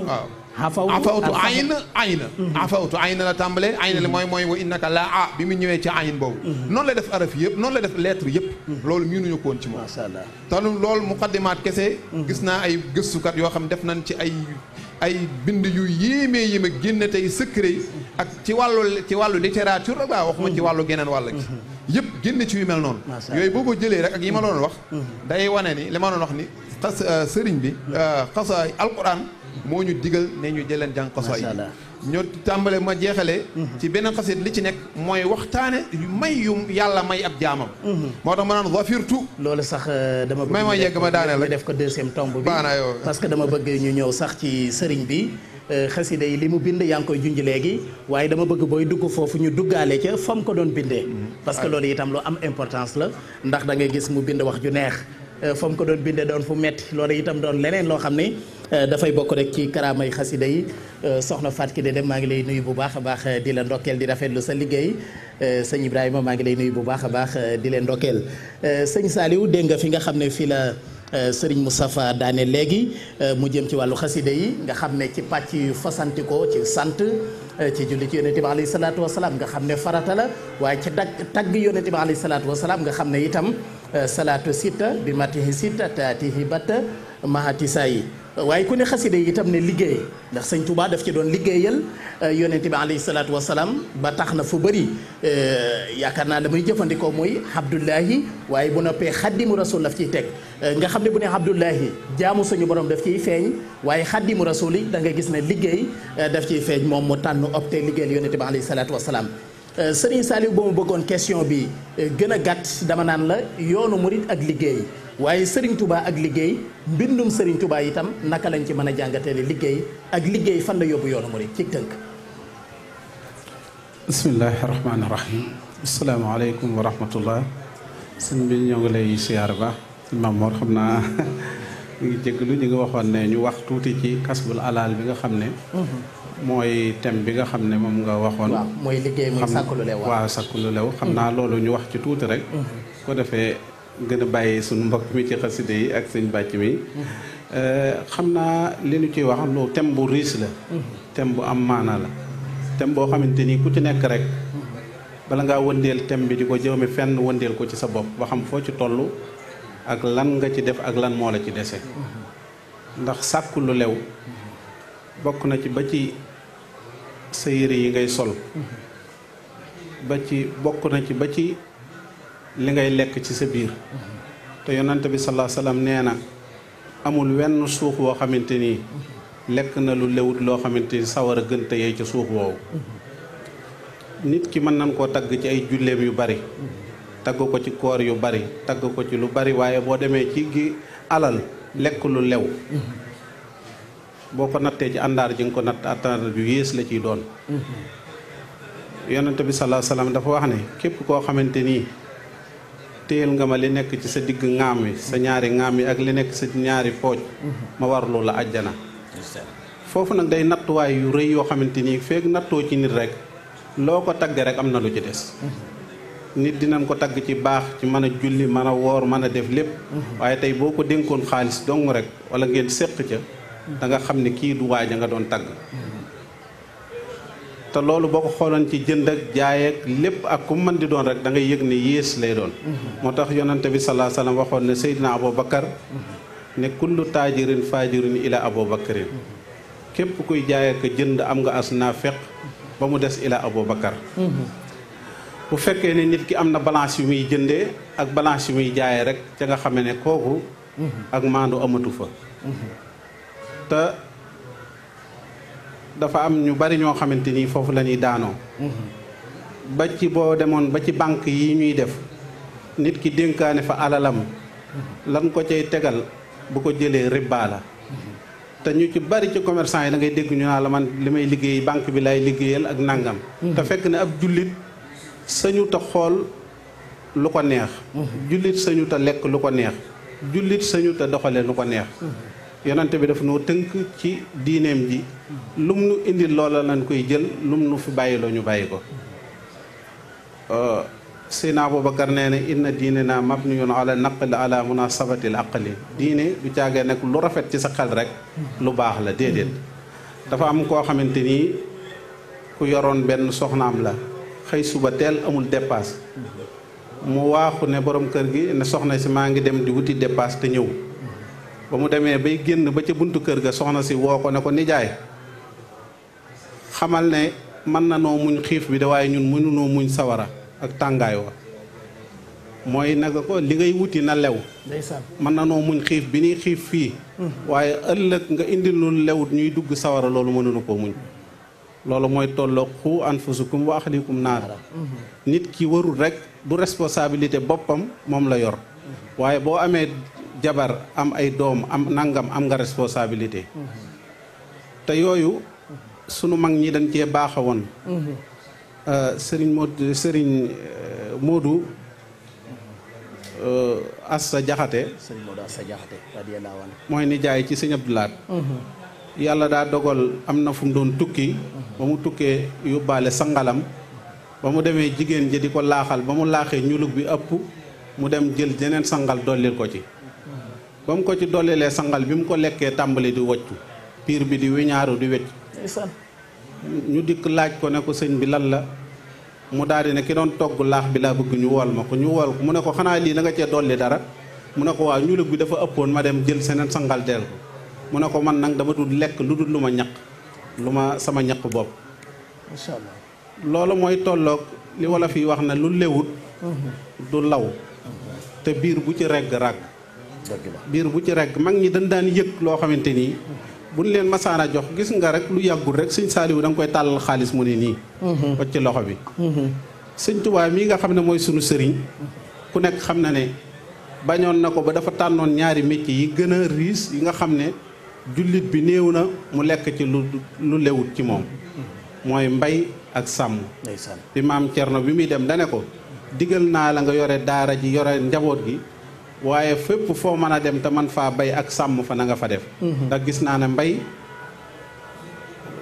afawtu ayn ayn mhm. afawtu ayn la tàmbalee ayn la mooy mooy wa innaka laa ah bi mu ñëwee ci ayn boobu mhm. noonu la def araf yëpp noonu la def lettre yëpp mhm. loolu miinuñu koon ci moom maa lool Allah te loolu kese gis naa ay gëstukat yoo xam def nañ ci ay ay bind yu yéemee yéeme génn tey secret ak ci wàllu ci wàllu littérature rek laa waxuma ci wàllu geneen wàll gi yëpp génne ci yu mel noonu yooyu boo ko jëlee rek ak yi ma doon wax mm-hmm. day wane ni li ma doon wax ni xas euh, sëriñ bi mm-hmm. euh, xasa alquran moo ñu digal ne ñu jëleen jàng xasaay yi ñoo tàmbalee ma jeexale mhm. ci beneen xasit li ci nekk mooy waxtaane may yu yàlla may ab jaamam mhm. moo tax ma naan wafirtu loolu sax euh, dama may ma yegg ma daaneel rek def ko deuxième tomb bi baana yow parce que dama bëgg ñu ñëw sax ci sëriñ bi euh, xasida yi li mu bind yaa ngi koy junj léegi waaye dama bëgg booy dugg foofu ñu duggaale ca fam ko doon bindee mhm. parce que loolu itam lu am importance la ndax dangay gis mu bind wax ju neex Euh, fa mu ko doon bindee doon fu metti loolu itam doon leneen loo xam ne euh, dafay bokk rek ci karaamay xasida yi euh, soxna ki de Deme maa ngi lay nuyu bu baax a baax di la ndokkeel di rafetlu sa liggéey sëñ Ibrahima maa ngi lay nuyu bu baax a baax di leen ndokkeel sëñ Saliou dégg nga fi nga xam ne fii la. Euh, sëriñ Moustapha daane léegi euh, mu jëm ci wàllu xaside yi nga xam ne ci pàcc yu fasantikoo ci sant euh, ci julli ci yonente bi alayhi salaatu wasalaam nga xam ne farata la waaye ci dag tagg yonente bi alayhi salaatu wasalaam nga xam ne itam salaato sitta bi matihi sitta taatihi batta mahati yi waaye ku ne xasida yi itam ne liggéey ndax sañ Touba daf ci doon liggéeyal euh, yonente bi alayhi salaatu wasalaam ba tax na fu bëri euh, yaakaar naa la muy jëfandikoo mooy Abdullahi waaye bu noppee xaddimu rasul daf ciy teg euh, nga xam ne bu ne Abdullahi jaamu suñu borom daf ciy feeñ waaye xaddimu rasul yi da nga gis ne liggéey daf ciy feeñ moom mu tànn opté liggéeyal yonente bi alayhi salaatu wasalaam sëriñ Saliou ba mu bëggoon question bi gën a gàtt dama naan la yoonu murit ak liggéey waaye sëriñ tubaa ak liggéey mbindum Serigne Touba itam naka lañ ci mën a jàngatee liggéey ak liggéey fan la yóbbu yoonu murid ci tënk. bismillaahi rahmaani rahim asalaamaaleykum wa rahmatullah sëñ bi ñoo ngi lay siyaar ba Maam Mor xam naa [LAUGHS] ñu ngi jégalu ñu ngi waxoon ne ñu wax tuuti ci kasbul alaal bi nga xam ne. Mhm. mooy thème bi nga xam ne moom nga waxoon. mooy liggéey muy sàkk lu lew. waaw sàkk lu lew xam naa mhm. loolu ñu wax ci tuuti rek. Mhm. ko defee. gën a bàyyi suñu mbokk mi ci xaside yi ak sëñ bàcc mi euh, xam naa li ñu ciy wax lu thème bu riis la thème bu am maana la thème boo xamante ni ku ci nekk rek bala ngaa wëndeel thème bi di ko jëme fenn wëndeel ko ci sa bopp ba xam foo ci toll ak lan nga ci def ak lan moo la ci dese ndax sàkku lu lew bokk na ci ba ci sa yére yi ngay sol ba ci bokk na ci ba ci li ngay lekk ci sa biir te yonante bi salaa salaam nee na amul wenn suux woo xamante nii lekk na lu lewut loo xamante ni sawar a gën te yey ca suux woowu nit ki mën nañ koo tagg ci ay julleem yu bari tagg ko ci koor yu bari tagg ko ci lu bari waaye boo demee ci gi alal lekk lu lew boo ko nattee ci àndaar ji nga ko natt àndaar ju yées la ciy doon mm-hmm. yonente bi salaa salaam dafa wax ne képp koo xamante nii téyel nga ma li nekk ci sa digg ngaam wi sa ñaari ngaam yi ak li nekk sa ñaari pooj mhm. ma warlu la ajjana foofu nag day nattuwaay yu rëy yoo xamante nii féeg nattoo ci nit rek loo ko tagge rek am na lu ci des mhm. nit dinañ ko tagg ci baax ci mën a julli mën a woor mën a def lépp mhm. waaye tey boo ko dénkoon xaalis dong rek wala ngeen séq ca danga xam ne kii du waaj a nga doon tagg te loolu boo ko xooloon ci jënd ak jaay lépp ak ku man di doon rek da ngay yëg ne yées lay doon moo tax yonante bi salaa salaam waxoon ne Seydina Aboubacar ne kullu taajirin faajirin ila Aboubacarin képp kuy jaay ak jënd am nga as naafeq ba mu des ila Aboubacar bu fekkee ne nit ki am na balance yu muy jëndee ak balance yu muy jaayee rek ca nga xame ne kooku ak maandu amatu fa dafa am ñu bari ñoo xamante ni foofu lañuy daanoo. Mm-hmm. ba ci boo demoon ba ci banque yi ñuy def nit ki dénkaane fa alalam mm-hmm. lan ko cay tegal bu ko jëlee riba la. Mm-hmm. te ñu ci bari ci commerçant yi da ngay dégg ñu naa la man li may liggéey banque bi lay liggéeyal ak nangam. te fekk ne ab jullit sañu ta xool lu ko neex. jullit sañu ta lekk ko neex. jullit sañu ta doxale lu ko neex. yonante bi daf noo tënk ci diineem ji lum nu indil loola lañ koy jël lum nu fi bàyyiloo ñu bàyyi ko euh, Seydina Aboubacar nee na inna diine naa mabniyun ala naql ala munasabatil aqli diine du caagee nekk lu rafet ci sa xel rek lu baax la déedéet dafa am koo xamante nii ku yoroon benn soxnaam la xëy suba teel amul dépasse mu waaxu ne borom kër gi ne soxna si maa ngi dem di wuti dépasse te ñëw ba mu demee bay génn ba ca buntu kër ga soxna si woo ko ne ko nijaay xamal ne mën na noo muñ xiif bi de waaye ñun mënunoo muñ sawara ak tàngaay wa mooy naka ko li ngay wuti na lew mën na noo muñ xiif bi nuy xiif fii hmm. waaye ëllëg nga indi lu lewut ñuy dugg sawara loolu mënunu ko muñ loolu mooy tolloo xu anfusukum wa axlikum hmm. nit ki warul rek du responsabilité boppam moom la yor hmm. waaye boo amee jabar am ay doom am nangam am nga responsabilité te yooyu sunu mag ñi dañ cee baaxa woon euh, sëriñ euh, Modou euh, sëriñ Modou Assa Jaxate sëriñ Modou Assa Jaxate radiyallahu anhu mooy nijaay ci sëñ Abdoulaat yàlla daa dogal am na fu mu doon tukki ba mu tukkee yóbbaale sangalam ba mu demee jigéen ji di ko laaxal ba mu laaxee ñulug bi ëpp mu dem jël jeneen sangal dollil ko ci ba mu ko ci dollilee sangal bi mu ko lekkee tàmbali di waccu piir bi di wiñaaru di wecc ñu dikk laaj ko ne ko sëñ bi lan la mu daal di ne ki doon togg laax bi laa bëgg ñu wool ma ko ñu wool mu ne ko xanaa lii da cee dolli dara mu ne ko waaw ñuulug bi dafa ëppoon ma dem jël seneen sangal deel mu ne ko man nag dama dul lekk lu dul lu ma ñaq lu ma sama ñaq bopp incha allah loolu mooy tolloog li wala fi wax na lu lewut mhm. du law te biir bu ci regg ràkk biir bu ci rek mag ñi dañ daan yëg loo xamante nii buñ leen masaana jox gis nga rek lu yàggul rek sëñ saaliwu da nga koy tàllal xaalis mu ne nii wacc mhm. ci loxo bi mhm. sëñ Tuubaa mii nga xam ne mooy sunu sëriñ ku nekk xam na ne bañoon na ko ba dafa tànnoon ñaari métier yi gën a riis yi nga xam ne jullit bi néew na mu lekk ci lu lu lewut ci moom mooy mbay ak sàmm bi maam na bi muy dem dane ko digal naa la nga yore daara ji yore njaboot gi waaye fépp foo mën a dem te man faa bay ak sàmm fa na nga fa def mhm. ndax gis naa ne mbay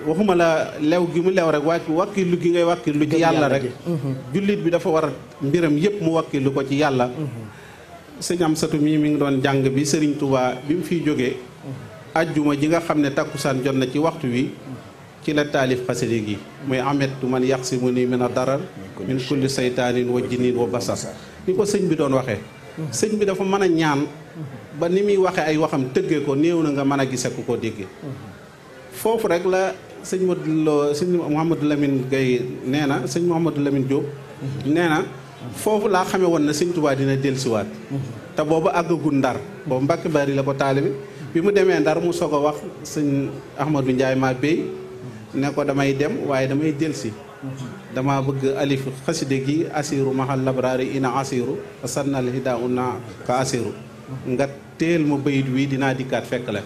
waxuma la lew gi mu lew rek waa wàkkilu gi ngay wàkkilu ci yàlla rek mhm. jullit bi dafa war a mbiram yépp mu wàkkilu ko ci yàlla mhm. sëñ satu mii mi ngi doon jàng bi sëriñ tubaa bi mu fiy jógee ajjuma ji nga xam ne takkusaan jot na ci waxtu wi ci la taalif xasida gi muy amettu man yaqsimu nii mën a dara min kulli saytaanin wa jinin wa basar ni ko sëñ bi doon waxee sëñ bi dafa mën a ñaan ba ni muy waxee ay waxam tëggee ko néew na nga mën a gise ku ko déggee foofu rek la sëñ Modou Lo sëñ Mouhamadou Lamine Gaye nee na sëñ Mouhamadou Lamine Diop nee na foofu laa xamee woon na sëñ Tuubaa dina dellusiwaat te boobu àggagul ndar boobu Mbàkke Bari la ko taalibe bi mu demee ndar mu soog a wax sëñ Ahmadou njaay maa béy ne ko damay dem waaye damay si dama bëgg alif xaside gi asiru mahal labraari ina asiru sannal hida una ka asiru nga teel ma bayit wi dinaa dikkaat fekk le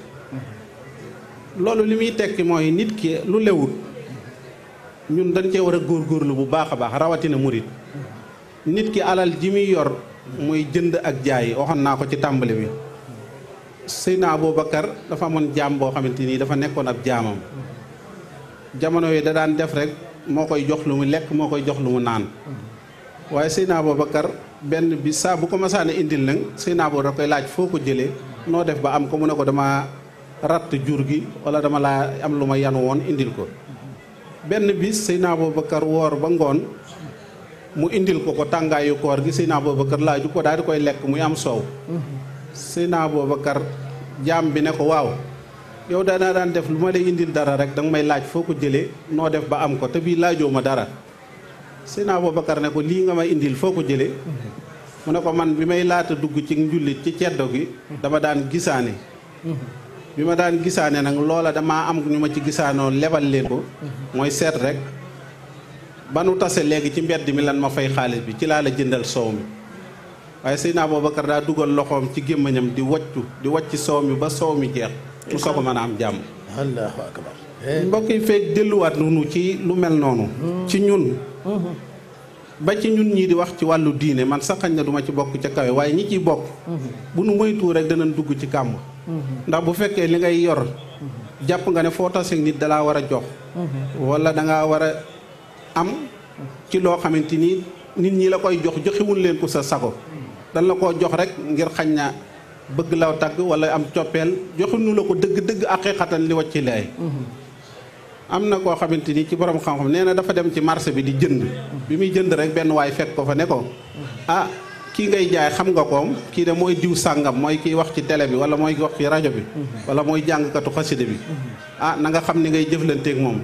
loolu li muy tekki mooy nit ki lu lewut ñun dañ cee war a góor góorlu bu baax a baax rawatina murit nit ki alal ji muy yor muy jënd ak jaay waxoon naa ko ci tàmbali bi Seydina Aboubacar dafa amoon jaam boo xamante nii dafa nekkoon ab jaamam jamono yi da daan def rek moo koy jox lu mu lekk moo koy jox lu mu naan waaye naa Seydina Abubakar benn bi saa bu ko masaana indil nag Seydina naa da koy laaj foo ko jëlee noo def ba am ko mu ne ko dama ratt jur gi wala dama laa am lu ma yan woon indil ko benn bis Seydina Abubakar woor ba ngoon mu indil ko ko tàngaayu koor gi Seydina Abubakar laaju ko daal di koy lekk muy am soow Seydina Abubakar jaam bi ne ko waaw yow danaa daan def lu ma la indil dara rek danga may laaj foo ko jëlee noo def ba am ko te bii laajoo ma dara naa Seydina Aboubacar ne ko lii nga may indil foo ko jëlee mu ne ko man bi may laata dugg ci njullit ci ceddo gi dama daan gisaane bi ma daan gisaane nag loola dama am ñu ma ci gisaanoo lebal leen ko mooy seet rek ba nu tase léegi ci mbedd mi lan ma fay xaalis bi ci laa la jëndal soow mi waaye Seydina Aboubacar daa dugal loxoom ci gémmiñam di waccu di wacc soow mi ba soow mi jeex nu soog a mën a am jàmm allahu akbar mbokk yi feeg delluwaat nunu ci lu mel noonu ci ñun ba ci ñun ñii di wax ci wàllu diine man sax xañ na duma ci bokk ca kawe waaye ñi ciy bokk bu nu moytuwul rek danañ dugg ci kàmm ndax bu fekkee li ngay yor jàpp nga ne foo taseeg nit dalaa war a jox wala danga war a am ci loo xamante ni nit ñi la koy jox joxewuñ leen ko sa sago dan la koo jox rek ngir xañ na bëgg law tagg wala am coppeel joxuñu la ko dëgg-dëgg aqiqatan li wacci laay mm-hmm. am na koo xamante ni ci borom xam-xam nee na dafa dem ci marché bi di jënd bi muy jënd rek benn waay fekk ko fa ne ko mm-hmm. ah kii ngay jaay xam nga koom kii de mooy diw sàngam mooy kiy wax ci tele bi wala mooy wax ci rajo bi mm-hmm. wala mooy jàngkatu xasida bi ah na nga xam ni ngay jëflanteeg moom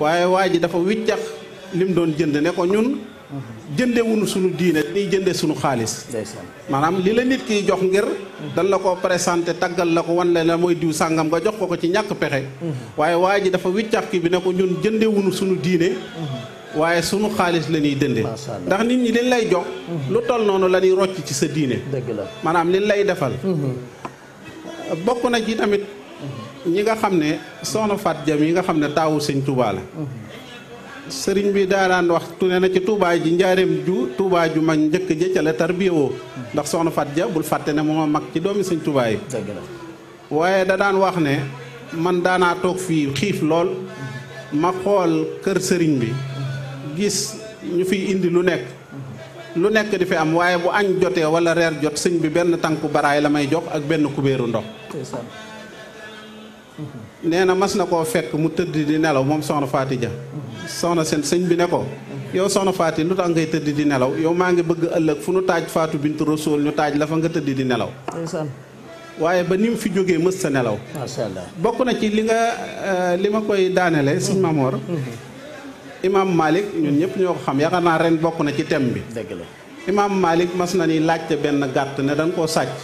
waaye waa ji dafa wiccax lim doon jënd ne ko ñun jëndewuñu suñu diine dañuy jënde suñu xaalis maanaam li la nit ki jox ngir dan la ko présenté taggal la ko wan la ne mooy diw sàngam nga jox ko ko ci ñàkk pexe waaye waa ji dafa wiccax ki bi ne ko ñun jëndewuñu suñu diine waaye sunu xaalis la ñuy dëndee ndax nit ñi liñ lay jox lu toll noonu la ñuy rocc ci sa diine dëgg la maanaam liñ lay defal mhm. bokk na ji tamit ñi nga xam ne soxna Faat Jam yi nga xam ne taawu sëñ Tuubaa sëriñ bi daa daan wax tune na ci Touba ji njaareem ju Touba ju mag njëkk ja ca la tarbiyewoo ndax soxna Fat ja bul fàtte ne moo mag ci doomi sëñ Touba yi waaye da daan wax ne man daanaa toog fii xiif lool ma xool kër sëriñ bi gis ñu fiy indi lu nekk lu nekk di fi am waaye bu añ jotee wala reer jot sëñ bi benn tànku baraay la may jox ak benn kubéeru ndox nee na mas na koo fekk mu tëdd di nelaw moom soxna Faati Ja soxna seen sëñ bi ne ko yow soxna Faati lu tax ngay tëdd di nelaw yow maa ngi bëgg ëllëg fu nu taaj Faatu Bintu Rasuul ñu taaj la fa nga tëdd di nelaw waaye ba ni mu fi jógee mës sa nelaw macha bokk na ci li nga euh, li ma koy daaneele sëñ Mamoor mm-hmm. imaam Malik ñun ñëpp ñoo ko xam yaakaar naa ren bokk na ci thème bi dëgg la imaam Malik mas na ni laajte benn gàtt ne dañ koo sàcc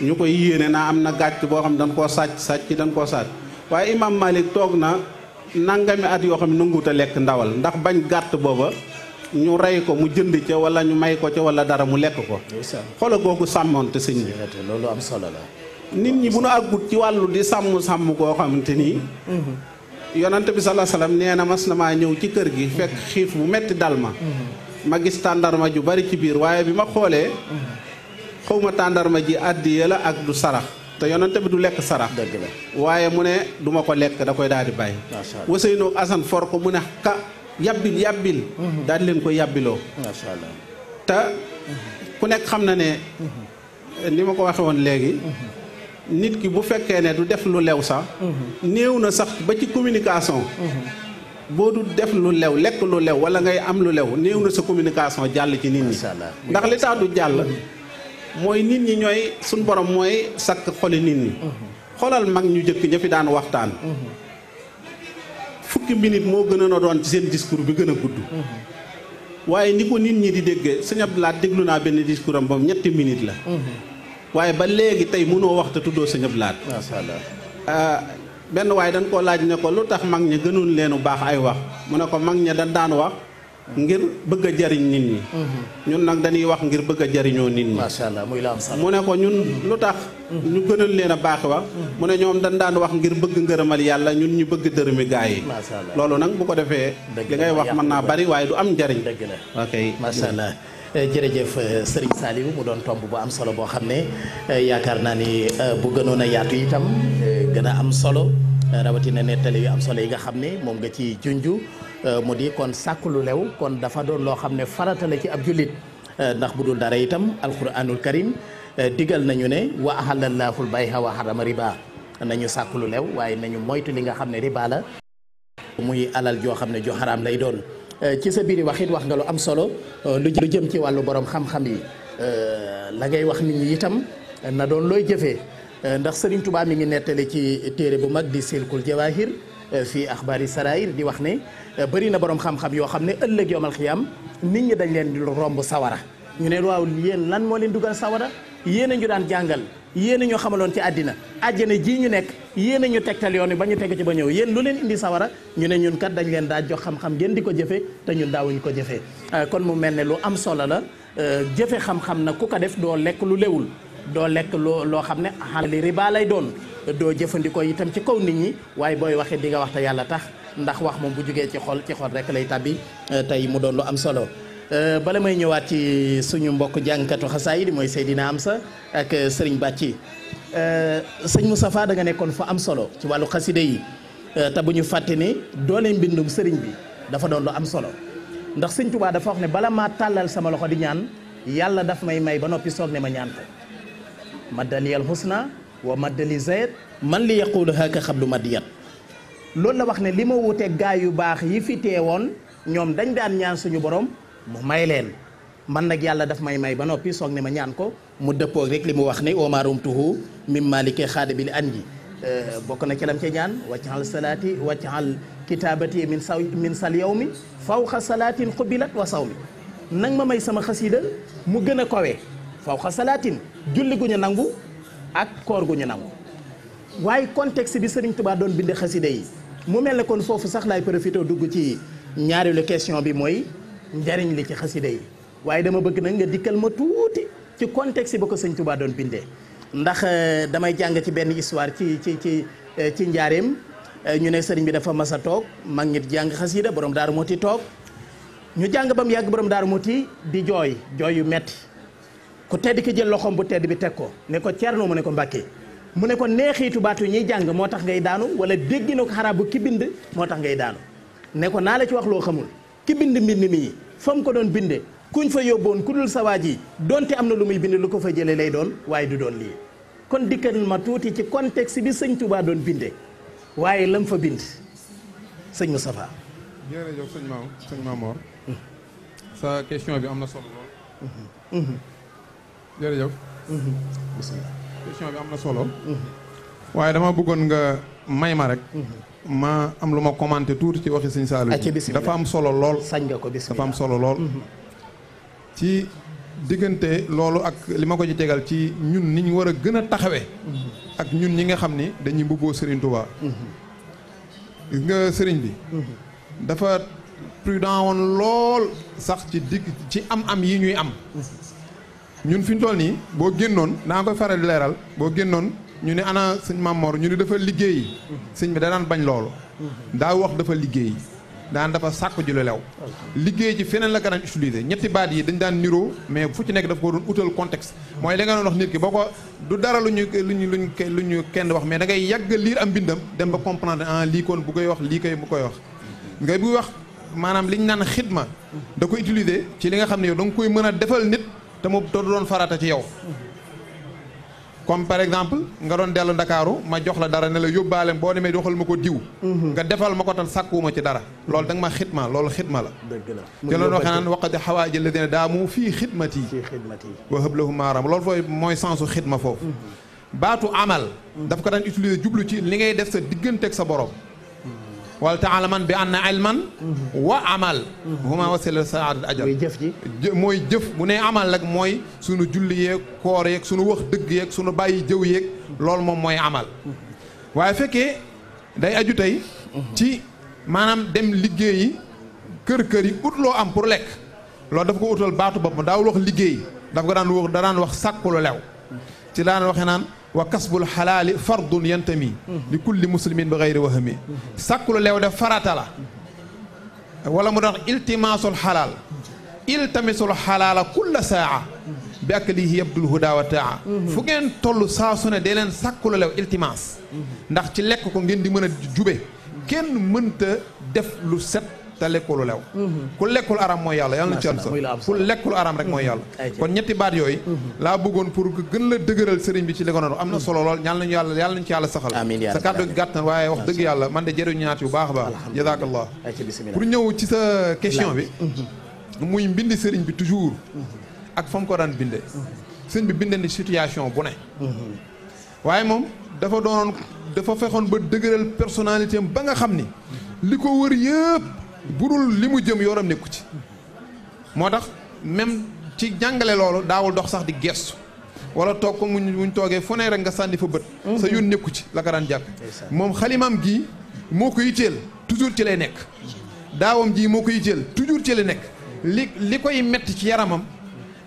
ñu koy yéene naa am na gàcc boo xam ne dañ koo sàcc sàcc dañ koo sàcc waaye imam Malik toog na nangami at yoo xam ne nanguut a lekk ndawal ndax bañ gàtt booba ñu rey ko mu jënd ca wala ñu may ko ca wala dara mu lekk ko xoola googu te sëñ bi loolu am solo la nit ñi bu nu àggut ci wàllu di sàmm sàmm koo xamante nii mhm. yonante bi salaa salaam nee na mas na maa ñëw ci kër gi fekk xiif bu metti dal ma mhm. ma gis tàndarma ju bari ci biir waaye bi ma xoolee mhm. xaw ma tàndarma ji àddiya la ak du sarax te yonante bi du lekk sarax dëgg la waaye mu ne duma ko lekk da koy daal di bàyyi waseynoog asan foor ko mu ne ka yàbbil yàbbil mhm. daal di leen ko yàbbiloo macha allah te ku nekk xam na ne mhm. ni ma ko waxe woon léegi mhm. nit ki bu fekkee ne du def lu lew sax néew na sax ba ci communication boo du def lu lew lekk lu lew wala ngay am lu lew néew na sa communication jàll ci nit ñi ndax li tax du jàll mooy nit ñi ñooy suñ borom mooy sakk xoli nit ñi xoolal mag ñu jëkk ña fi daan waxtaan fukki minute moo gën a doon ci seen discours bi gën a gudd waaye ni ko nit ñi di dégg sëñ Abdou Lahad déglu naa benn discours am ba ñetti minit la waaye ba léegi tey mënoo wax te tuddoo sëñ Abdou Lahad masha Allah benn waaye dañ koo laaj ne ko lu tax mag ña gënoon leenu baax ay wax mu ne ko mag ña dañ daan wax ngir bëgg a jariñ nit ñi mm-hmm. ñun nag dañuy wax ngir bëgg jariñoo nit ñi macha allah muy la am solo mu ne ko ñun lu tax mm-hmm. ñu gënal leen a baax wax mm-hmm. mu ne ñoom dañ daan wax ngir bëgg ngërëmal yàlla ñun ñu bëgg dërëmi gaa yi loolu nag bu ko defee li ngay wax man naa bari waaye du am njariñ dëgg la ok macha allah eh, jërëjëf eh, Serigne Saliou mu doon tomb bu am solo boo xam ne eh, yaakaar naa ni bu gënoon a yaatu itam gën a am solo rawatina nettali yu am solo yi nga xam ne moom nga ci junju Euh, mu di kon sàkk lu lew kon dafa doon loo xam ne farata la ci ab jullit euh, ndax bu dul dara itam alquranul karim euh, digal nañu ne wa ahallallaahu al-bay'a wa harrama riba nañu sàkk lu lew waaye nañu moytu li nga xam ne riba la muy alal joo xam ne ju lay doon ci sa biir wax it wax nga lu am solo lu jëm ci wàllu borom xam-xam yi la ngay wax nit ñi itam na doon looy jëfe ndax Serigne tubaam mi ngi nettale ci téere bu mag di silkul jawahir Euh, fii axbaari sarair di wax ne euh, bëri na borom xam-xam yoo xam ne ëllëg yomal am nit ñi dañ leen di romb sawara ñu ne waaw yéen lan moo leen dugal sawara yéen a ñu daan jàngal yéen a ñu xamaloon ci àddina àjjana jii ñu nekk yéen a ñu tegtal yoon wi ba ñu teg ci ba ñëw yéen lu leen indi sawara ñu ne ñun kat dañ leen daa jox xam-xam ngeen di ko jëfe te ñun daawuñ ko jëfee euh, kon mu mel ne lu am solo la jëfe xam-xam na ku ko def doo lekk lu lewul doo lekk loo loo xam ne li riba lay doon doo jëfandikoo itam ci kaw nit ñi waaye booy waxee di nga wax te yàlla tax ndax wax moom bu jugee ci xol ci xol rek lay tàbbi euh, tey mu doon lu am solo euh, bala may ñëwaat ci suñu mbokk jàngkatu xasaa yi di mooy Seydina Amsa ak euh, Sëriñ Bàcci sëñ mu da nga nekkoon fa am solo ci wàllu xaside yi te bu ñu fàtte ni doole mbindum sëriñ bi dafa doon lu am solo ndax sëñ Tuubaa dafa wax ne bala maa tàllal sama loxo di ñaan yàlla dafa may may ba noppi soog ne ma ñaan wa maddali zayet man li yaqulu haka xablu madiyat loolu la wax ne li ma wute gaa yu baax yi fi woon ñoom dañ daan ñaan suñu borom mu may leen man nag yàlla dafa may may ba noppi soog ne ma ñaan ko mu dëppoog rek li mu wax ne omarum tuhu mim malike xaada bi li an ji euh, bokk na ci lam ca ñaan waccaxal salaati waccaxal kitaabati min saw min sal yow mi faw fawxa salaatin xubilat wa saw mi nang ma may sama xasiida mu gën a kawee fawxa salaatin julli guñu nangu ak koor gu ñu nangu waaye contexte bi Serigne Touba doon bind xaside yi mu mel ne kon foofu sax laay profité dugg ci ñaareelu question bi mooy njariñ li ci xaside yi waaye dama bëgg nag nga dikkal ma tuuti ci contexte bi ko Serigne Touba doon bindee ndax euh, damay jàng ci benn histoire ci ci ci euh, ci njaareem euh, ñu ne sëriñ bi dafa mas a toog mag ñi jàng xasida borom daaru moti toog ñu jàng ba mu yàgg borom daaru moti di jooy jooy yu metti ku tedd ki jël loxoom bu tedd bi teg ko ne ko Ceerno mu ne ko Mbàkke mu ne ko neexiitu baatu ñuy jàng moo tax ngay daanu wala dégg na ko xaraa bu ki bind moo tax ngay daanu ne ko naa la ci wax loo xamul ki bind mbind mii fa mu ko doon bindee kuñ fa yóbboon ku dul sawaaj yi donte am na lu muy bind lu ko fa jëlee lay doon waaye du doon lii kon dikkal ma tuuti ci contexte bi sëñ Touba doon bindee waaye lam fa bind sëñ Moustapha jërëjëf sëñ Maam sëñ Maam Mor mm-hmm. sa question bi am na solo lool mm-hmm. Mm-hmm. jërëjëf. Mhm. bisimilah. am na solo. Mhm. waaye dama buggoon nga may ma rek. Mhm. ma am lu ma commenté tuuti ci waxi sëñ Saliou. Ah, dafa am solo lool. sañ nga ko bisimilah dafa am solo lool. ci diggante loolu ak li ma ko ci tegal ci ñun ni ñu war a gën a taxawee. ak ñun ñi nga xam ni dañuy mbubboo Serigne Touba. gis nga Serigne bi. dafa prudent woon lool sax ci digg ci am-am yi ñuy am. ñun fi ñu toll nii boo génnoon naa koy faral di leeral boo génnoon ñu ne ana sëñ Mamor ñu ne dafa liggéey sëñ bi da daan bañ loolu daa wax dafa liggéey daan dafa sàkk ji lew liggéey ci feneen la ko daan ñetti baat yi dañ daan niroo mais fu ci nekk daf ko doon utal contexte mooy li nga doon wax nit ki boo ko du dara lu ñu lu ñu lu ñu kenn wax mais da ngay yàgg liir am bindam dem ba comprendre ah lii kon bu koy wax lii koy bu koy wax ngay bu wax maanaam liñ naan xidma da ko utiliser ci li nga xam ne yow koy mën a defal nit te mu te du doon farata ci yow comme par exemple nga doon dellu ndakaaru ma jox la dara ne la yóbbaale boo demee doxal ma ko diw mhm. nga defal ma ko tan sàkkuwuma ci dara mhm. loolu da nga ma xitma loolu xitma la ci loolu waxee naan waqati xawaaji alladina daamu fii xidmati wa hablahum maaram loolu fooy mooy sensu xitma foofu mhm. baatu amal daf ko daan utiliser jublu ci li ngay def sa diggante ak sa borom wala taalaman bi anna ilman wa amal mhm. huma wasila saadat ajal mooy jëf mooy jëf mu ne amal rek mooy sunu julli yeeg koor yeeg sunu wax dëgg yeeg sunu bàyyi jëw yeeg loolu moom mooy amal mhm. waaye fekkee day aju tey mhm. ci maanaam dem liggéeyi kër kër yi ut loo am pour lekk lool dafa ko utal baatu boppam daawul wax liggéey dafa ko daan wax da daan wax sàkku lew ci daan waxee naan wa kasbul xalaali fardun yantami li kulli muslimin bi xayri wahami sàkku lu leew def farata la wala mu doon iltimaasul xalaal iltamisul xalaala kulla saa bi ak lii yabdul hudaa wa taa fu ngeen toll saa su ne dee leen sàkku lu iltimaas ndax ci lekk ko ngeen di mën a jube kenn mënta def lu set te lekkulu lew mm-hmm. ku lekkul aram mooy yàlla yàlla na ci am sa ku lekkul aram rek mooy mm-hmm. yàlla kon ñetti baat yooyu mm-hmm. laa bëggoon pour gën la dëgëral sëriñ bi ci li ko am na solo lool ñaan nañu yàlla yàlla nañu ci yàlla saxal sa kàddu gi gàtt na waaye wax dëgg yàlla man de jëriñu ñaat yu baax a baax jazakallah pour ñëw ci sa question bi muy mbindi sëriñ bi toujours ak fa mu ko daan binde sëriñ bi binde ni situation bu ne waaye moom dafa doonoon dafa fexoon ba dëgëral personnalité am ba nga xam ni li ko wër yëpp budul li mu jëm yoram nekku ci moo tax même ci jàngale loolu daawul dox sax di gestu wala toog ko mu wuñ toogee fu ne rek nga sànni fa bët mhm. sa yoon nekku ci la ko daan moom xalimam gi moo ko yitteel toujours ci lay nekk daawam jii moo ko yitteel toujours ci lay nekk li li koy metti ci yaramam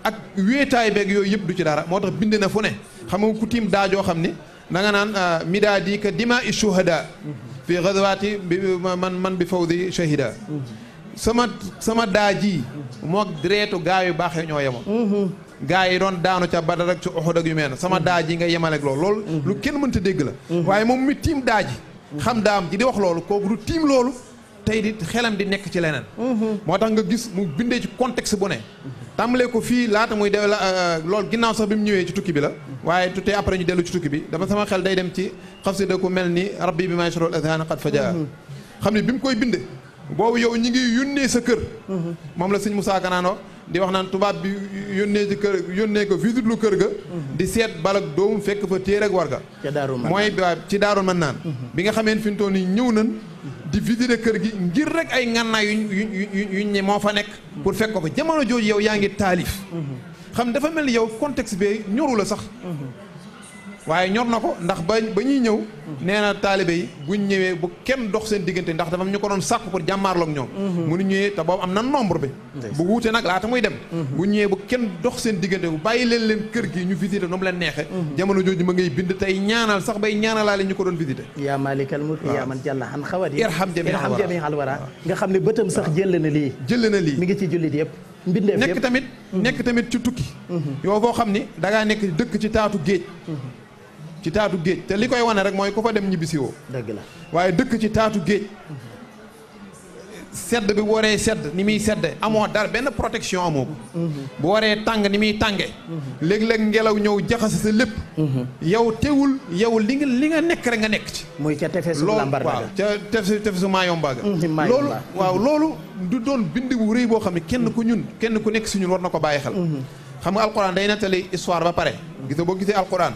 ak wéetaay beeg yooyu yëpp du ci dara moo tax bind na fu ne xam nga ku tiim daajoo xam ne da nga naan ah, midaadi ka dima i shuhada mhm. fi xazawaati bi man man bi faw di shahida sama sama daa ji moo reetu gaa yu baax ñoo yemoon gaa yi doon daanu ca Badar ak ci Uhud ak yu mel sama daa ji nga yemaleeg loolu loolu lu kenn mënta dégg la mhm. waaye moom mi tiim daa ji xam daam ji di wax loolu kooku du tiim loolu tey di xelam di nekk ci leneen mm-hmm. moo tax nga gis mu bindee ci contexte bu ne tàmbalee ko fii laata muy de euh, loolu ginnaaw sax bi mu ñëwee ci tukki bi la waaye tutee après ñu dellu ci tukki bi dama sama xel day dem ci xasida ku mel ni rabbi bi may sorol azhan qad faja mm-hmm. xam ne bi mu koy bind boobu yow ñi ngi yónnee sa kër mm-hmm. moom la sëñ Moussa Kanaano di wax naan tubaab bi yónnee ci kër yónnee ko visite lu kër ga di seet balak doomu fekk fa téer ak war ga mooy ci daarul man di vider kër gi ngir rek ay ngànnaay yuñ yuñ yuñ ne moo fa nekk. pour fekk ko ko jamono jooju yow yaa ngi taalif. Mm-hmm. xam dafa mel ni yow contexte bi ñoru la sax. Mm-hmm. waaye ñor na ko ndax ba ba ñuy ñëw nee na taalibe yi buñ ñëwee bu kenn dox seen diggante ndax dafa am ñu ko doon sàkk pour jàmmaarloog ñoom mënu mhm. ñëwee te boobu am na nombre bi bu wuutee nag laata muy dem mhm. bu ñëwee bu kenn dox seen diggante bu bàyyi leen leen kër gi ñu visité nu mu leen neexe mhm. jamono jooju ma ngay bind tey ñaanal sax bay ñaanalaale ñu ko doon visité yaa maalikal mulki yaa man jàlla nga xam ne bëtam sax jël na lii jël na lii mi ngi ci jullit yëpp mbindeef yëpp nekk tamit nekk tamit ci tukki yoo foo xam ni da nekk dëkk ci taatu géej ci taatu géej te li koy wane rek mooy ku fa dem ñibbisi woo dëgg la waaye dëkk ci taatu géej sedd bi waree sedd ni muy sedde amoo dara benn protection amoo ko bu waree tàng ni muy tànge léeg-léeg ngelaw ñëw jaxas sa lépp yow teewul yow li nga li nga nekk rek nga nekk ci muy ca tefesu lambar waaw ca tefesu tefesu maayomba ga [LAUGHS] loolu waaw loolu du doon bind bu rëy boo xam ne kenn ku ñun kenn ku nekk si ñun war na ko bàyyi xel mm-hmm. xam nga alquran day na nettali histoire ba pare gis nga boo gisee alquran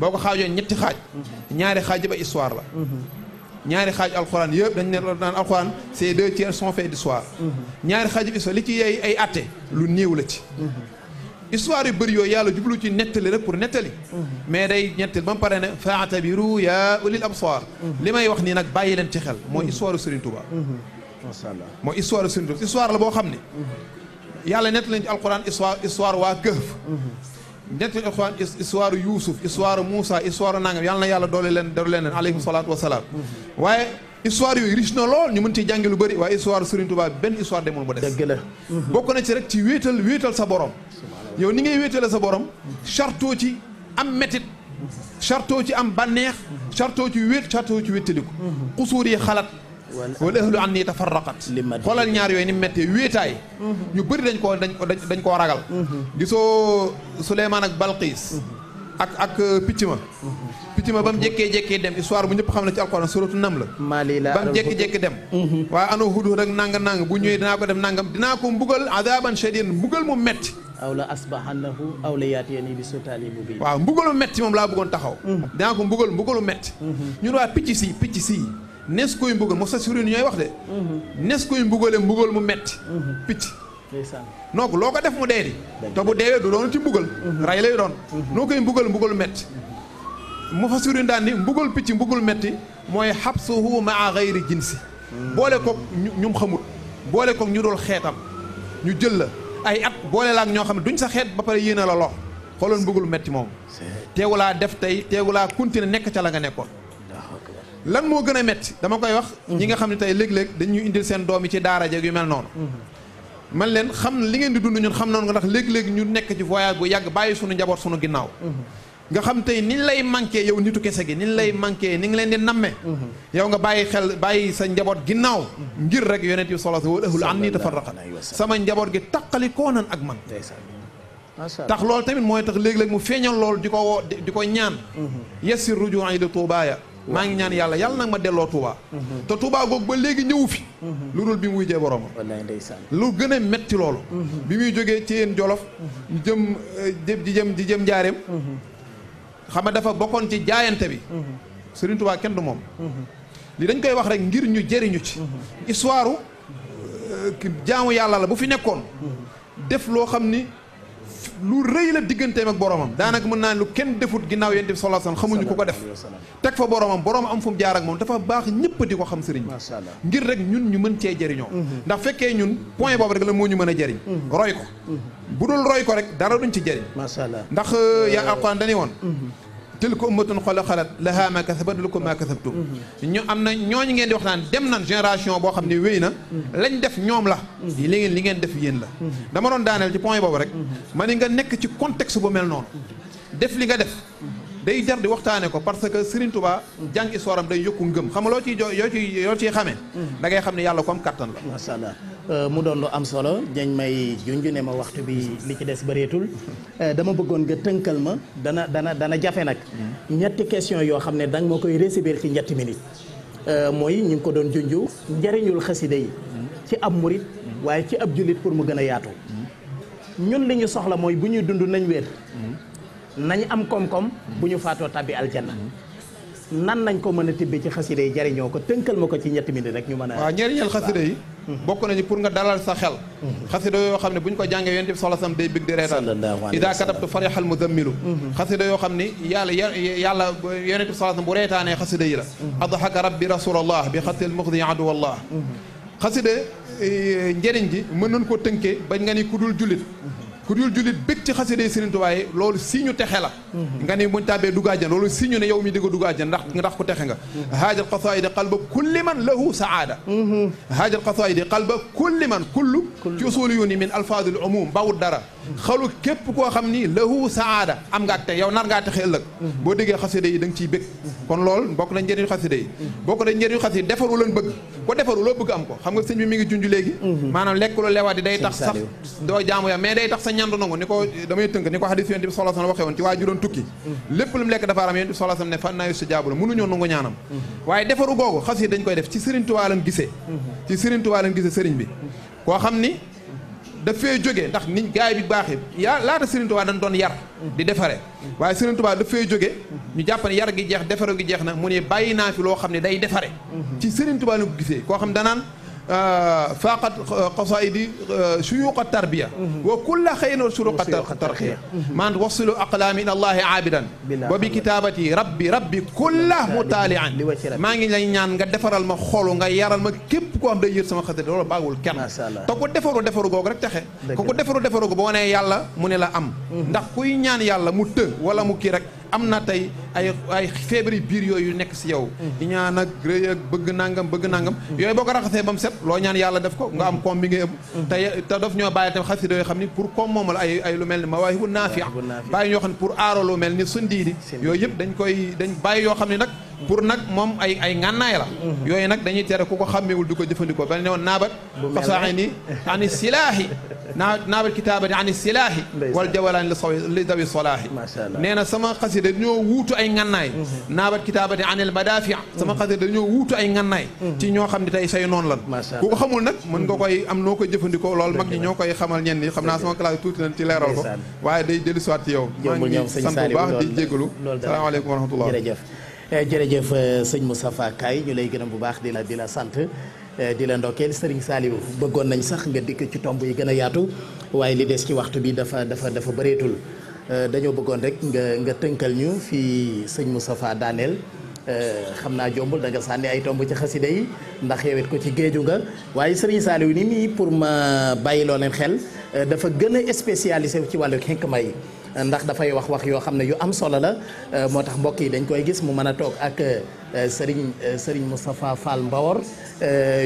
boo ko xaajoon ñetti xaaj ñaari xaaj ba histoire la ñaari xaaj alxuraan yëpp dañ ne naan alxuraan ces deux tiers sont faits d'histoire ñaari xaaj ba histoire li ci yey ay atte lu néew la ci histoire yu bëri yooyu yàlla jublu ci nettali rek pour nettali mais day nettali ba mu pare ne faatabiru yaa ulil absar li may wax nii nag bàyyi leen ci xel mooy histoire Serigne Touba macha allah mooy histoire Serigne la boo xam ne yàlla nettali ci alxuraan histoire histoire waa Kahf nettali alxuraan histoire Yuusuf histoire Moussa histoire nangam yàlla na yàlla doole leen doole leen aleykum salaatu wa salaam. waaye histoire yooyu riche na lool ñu mën ci jàngi lu bëri waaye histoire Serigne Touba benn histoire demul mu des. bokk na ci rek ci wéetal wéetal sa borom. yow ni ngay wéetale sa borom. chartoo ci am métit. chartoo ci am bànneex. chartoo ci wéet chartoo ci wéttaliku. xusuur xalaat. wala ahlu an nii tafarraqat xoolal ñaar yooyu ni méttee wéetaay mhm. ñu bëri dañ koo dañ dañ koo ragal mhm. gisoo Souleymane ak Balqiis mhm. ak ak euh, picc ma picc ma ba mu jekkee-jekkee dem histoire bu ñëpp xam ne ci alxuraan suratu nam la ba mu jekki-jekki dem waaye ano hudhud ak nanga nang bu ñëwee dinaa ko dem nangam dinaa ko mbugal adaban shadidan mbugal mu metti aw la asbahannahu aw la yaatiyani bi sultaani mubin waaw mbugalu metti moom laa bëggoon taxaw dinaa ko mbugal mbugalu metti ñun waa picc si picc si nees koy mbugal moo sa suri ñooy wax de mhm. nees koy mbugale mbugal mu metti mhm. picc donc loo ko def mu dee di te bu deewee du doon ci mbugal mhm. ray lay doon noo koy mbugal mbugal metti moo fa suri daan ni mbugal picc mbugul metti mooy xabsuhu maa gayri jinsi boole ñu ñum xamut boole kook ñu dul xeetam ñu jël la ay at boole la ak ñoo xam ne duñ sa xeet ba pare yéene la lox xooloon mbugul metti moom teewulaa def tey teewulaa continuer nekk ca la nga nekkoon lan moo gën a metti dama koy wax ñi nga xam ne tey léeg-léeg dañuy indil seen doom yi ci daara jeeg yu mel noonu man leen xam li ngeen di dund ñun xam noonu nga ndax léeg-léeg ñu nekk ci voyage bu yàgg bàyyi suñu njaboot suñu ginnaaw nga xam tey ni lay manqué yow nitu kese gi ni lay manqué ni ngi leen di namme yow nga bàyyi xel bàyyi sa njaboot ginnaaw ngir rek yonent bi sallallahu alayhi wa sallam an ni tafarraqa sama njaboot gi taqali koo nan ak man tax loolu tamit mooy tax léeg-léeg mu feeñal loolu di ko woo di ko ñaan mm-hmm. yasir ruju'i li tuubaaya maa ngi ñaan yàlla yàlla nag ma delloo Touba. Mhm. te Touba googu ba léegi ñëwu fi. Mhm. lu dul bi mu wujjee boroomam. wallaay ndeysaan lu gën a metti loolu. Mhm. bi muy jógee ci yéen jolof. jëm di jëm di jëm njaareem. xam nga dafa bokkoon ci jaayante bi. Serigne Touba kenn moom. li dañ koy wax rek ngir ñu jëriñu ci. histoire euh, jaamu yàlla la bu fi nekkoon. def loo xam ni. lu rëy la digganteem ak boromam daanaka mën naa lu kenn defut ginnaaw yonent bi sallallahu alayhi wasallam xamuñu ko ko def teg fa boromam borom am fu mu jaar ak moom dafa baax ñëpp di ko xam sëriñ bi ngir rek ñun ñu mën cee jëriñoo mhm. ndax fekkee ñun point boobu rek la moo ñu mën a jëriñ mhm. roy ko mhm. bu dul roy ko rek dara duñ ci jëriñ ndax euh, yaa alquran dañuy woon tilka ummatun xol a xalat laha ma kasabat lakum ma kasabtum mhm. ñu am na ñooñu ngeen di wax naan dem nan génération boo xam ne wéy na mhm. lañ def ñoom la mhm. li ngeen li ngeen def yéen la dama doon daaneel ci point boobu rek ma ni nga nekk ci contexte bu mel noonu def li nga def day jar di waxtaane ko parce que Serigne Touba jàng histoire am day yokku ngëm xam nga loo ciy jo yoo ciy yoo ciy xamee da xam ne yàlla ko am kattan la Euh, mu doon lu am solo dañ may junj ne ma waxtu bi li ci des bëreetul euh, dama bëggoon ga tënkal ma dana dana dana jafe nag ñetti question yoo xam ne danga moo koy récibir ci ñetti minutes euh, mooy ñu ngi ko doon junj njariñul xasida yi ci ab murit waaye ci ab jullit pour mu gën a yaatu ñun li ñu soxla mooy bu ñuy dund nañ wér nañ am koom-koom bu ñu faatoo tabbi aljanna nan nañ ko mën a tibbee ci xasida yi jariñoo ko tënkal ma ko ci ñetti minutes rek ñu mën a waaw njariñal xasida yi bokk nañu pour nga dalal sa xel xasida yoo xam ne bu ñu ko jàngee yonent bi sallallahu alayhi wasallam day bëgg di reetaan ida katabtu farihal muzammilu xasida yoo xam ni yàlla yàlla yonent bi sallallahu alayhi wasallam bu reetaanee xasida yi la adhaka rabbi rasulallah bi xatil muxdi aduwallah xasida eh, njëriñ ji mën nañ ko tënkee bañ nga ni ku dul jullit ku dul jullit bëgg ci xasida Sëriñ Tuubaa yi loolu si ñu texe la mm-hmm. nga ni muñ tàbbee dugg àjjana loolu si ñu ne yow mi digga dugg àjjana ndax ndax ku texe nga mm-hmm. haajal qasaayidi qalba kulli man lahu saada mm-hmm. haajal qasaayidi qalba kulli man kullu ci usuuli yu ni min alfaadul umum bawut dara xalu képp koo xam ni lahu saada am nga ak yow nar ngaa texe ëllëg boo déggee xasida yi da nga ciy bëgg kon lool bokk na njëriñu xasida yi bokk na njëriñu xasida yi defaru lan bëgg ko defaru loo bëgg am ko xam nga sëñ bi mi ngi junj léegi maanaam lekk lu lewaat yi day tax sax doo jaamu ya sa ñaan du nangu ni ko damay tënk ni ko xadis yonent bi sallallahu alayhi wasallam woon ci waa ju tukki lépp lu mu lekk dafa aram yonent bi sallallahu alayhi wasallam ne fa naayu sa jaabula mënuñoo nangu ñaanam waaye defaru googu xas yi dañ koy def ci Serigne Touba lañ gisee ci Serigne ni dafee jóge ndax nit gaay bi baaxee yaa laata Serigne Touba dañ doon yar di defare waaye Serigne Touba dafee jóge ñu jàpp yar gi jeex defare gi jeex na mu ne bàyyi naa fi loo xam ne day defare ci Serigne Touba lañ ko gisee koo xam danaan faaqat qasaidi suyuqa tarbiya wa kulla xeyno suruqa tarxiya man wasilu aqlaami ila allahi aabidan wa bi kitaabati rabbi rabbi kulla mutaalian maa ngi lay ñaan nga defaral ma xolu nga yaral ma képp ko xam day yër sama xasida loolu baagul kenn te ku defaru defaru googu rek texe ko ku defaru defaru googu boo nee yàlla mu ne la am ndax kuy ñaan yàlla mu të wala mu kii rek am na tey ay ay feebari biir yooyu nekk si yow ñaan ak rëy ak bëgg nangam bëgg nangam yooyu boo ko raxasee ba mu set loo ñaan yàlla def ko nga am koom bi ngay ëpp te te ñoo bàyyi tam xasida yoo xam ni pour koom moomal ay ay lu mel ni mawaahibu naafi bàyyi ñoo xam ne pour aaro lu mel ni sundi di yooyu yëpp dañ koy dañ bàyyi yoo xam ne nag pour nag moom ay ay ngànnaay la mhm. yooyu nag dañuy tere ku ko xàmmeewul du ko jëfandikoo ba ne woon naabat fasaxe ni ani silaahi naa naabat kitaabati ani silaahi wal jawalaani li sawi li dawi solaahi nee na sama xasida dañoo wuutu ay ngànnaay mhm. naabat kitaabati anil madaafi mhm. sama xasida dañoo wuutu ay ngànnaay ci ñoo xam ne tey say noonu lan ku ko xamul mën nga koy am noo ko jëfandikoo loolu mag ñi ñoo koy xamal ñenn ñi xam naa tuuti nañ ci leeral ko waaye day dellu siwaat ci yow maa ngi sant bu baax di jégalu salaamaaleykum wa rahmatullah Eh, jërëjëf eh, sëñ Moustapha Kay ñu lay gërëm bu baax di la di la sant eh, di la ndokkeel Serigne Saliou bëggoon nañ sax nga dikk ci tomb yi gën a yaatu waaye li des ci waxtu bi dafa dafa dafa bëreetul dañoo bëggoon rek nga nga tënkal ñu fii sëñ Moustapha daaneel xam naa jombul da sànni ay tomb ci xasida yi ndax yewet ko ci géeju nga waaye Serigne Saliou ni nii pour ma bàyyiloo leen xel dafa gën a spécialisé ci wàllu xikma yi ndax dafay wax wax yoo xam ne yu am solo la euh, moo tax mbokk yi dañ koy gis mu mën a toog ak euh, Serigne euh, Serigne Moustapha Fall Mbawor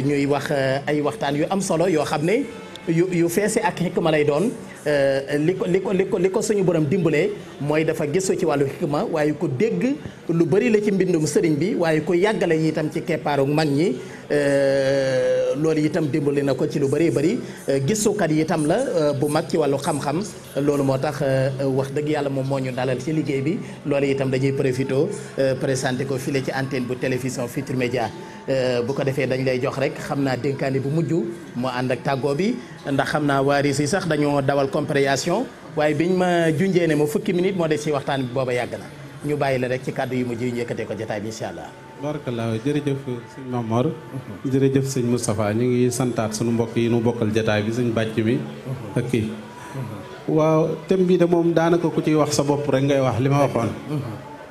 ñuy wax ay waxtaan yu am solo yoo xam ne yu yu feese ak xikma lay doon li ko li ko li ko li ko suñu borom dimbalee mooy dafa gisu ci wàllu xikma waaye ko dégg lu bari la ci mbindum sëriñ bi waaye ku yàggale itam ci keppaaru mag ñi Euh, loolu itam dimbali na ko ci lu bëree bëri euh, gisukat yitam itam la euh, bu mag ci wàllu xam-xam loolu moo tax wax dëgg yàlla moom moo ñu dalal ci liggéey bi loolu itam dañuy profité présenté ko file ci antenne bu télévision Futurs Médias bu ko defee dañ lay jox rek xam naa dénkaani bu mujj moo ànd ak tàggoo bi ndax xam naa waaris yi sax dañoo dawal compréhension waaye biñ ma junjee ne ma fukki minute moo def ci waxtaan bi booba yàgg na ñu bàyyi la rek ci kàddu yu mujj yi ñu yëkkatee ko jotaay bi incha allah. barakallah jërëjëf sëñ Mamor uh-huh. jërëjëf sëñ Moustapha ñu ngi santaat suñu mbokk yi nu bokkal jataay bi sëñ bàcc mi uh-huh. ak kii uh-huh. waaw thème bi de moom daanaka ku ciy wax sa bopp rek ngay wax li ma waxoon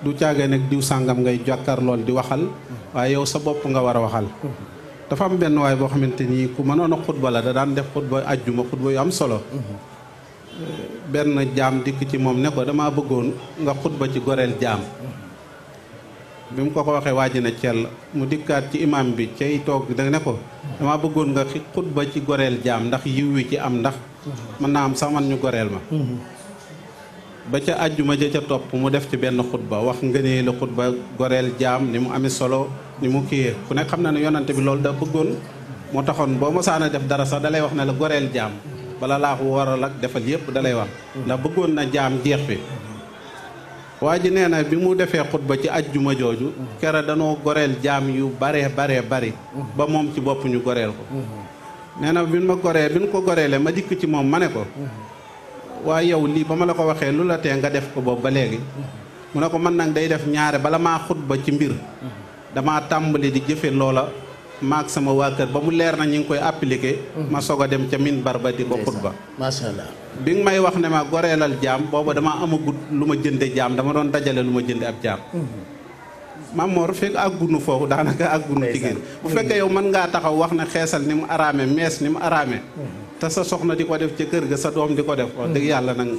du caagee nag diw sàngam ngay jàkkaar di waxal waaye yow sa bopp nga war a waxal dafa am benn waay boo xamante nii ku mënoon a xutba la da daan def xutba ajjuma xutba yu am solo benn jaam dikk ci moom ne ko dama bëggoon nga xutba ci goreel jaam bi mu ko ko waxee waaji na cell mu dikkaat ci imaam bi cay toog da ne ko dama bëggoon nga xutba ci goreel jaam ndax yiw wi ci am ndax mën naa am sax man ñu goreel ma ba ca àjjuma ja ca topp mu def ci benn xutba wax nga ne la xutba goreel jaam ni mu amee solo ni mu kiyee ku ne xam na ne yonante bi loolu da bëggoon moo taxoon boo mosaana def dara sax dalay wax na la goreel jaam bala laa ko waral ak defal yépp dalay wax ndax bëggoon na jaam jeex bi waa ji nee na bi mu defee xutba ci ajjuma jooju kere danoo goreel jaam yu baree baree bari ba moom ci boppu ñu goreel ko nee na bi ma goree bi ñu ko goreele ma dikk ci moom ma ne ko waa yow lii ba ma la ko waxee lu la tee nga def ko boobu ba léegi mu ne ko man nag day def ñaare bala maa xutba ci mbir dama tàmbali di jëfe loola maak sama waa kër ba mu leer na ñu ngi koy appliqué. Mhm. ma soog a dem ca miin bar ba di ko xutba. macha allah bi nga may wax ne ma goreelal jaam booba dama amagut lu ma jënde jaam dama doon dajale lu ma jënde ab jaam. Mhm. Mamor fekk àggunu foofu daanaka ak àggunu jigéen bu fekkee yow mën ngaa taxaw wax na xeesal ni mu araame mees ni mu araame. Mhm. te sa soxna di ko def ca kër ga sa doom di ko def. wax dëgg yàlla nag.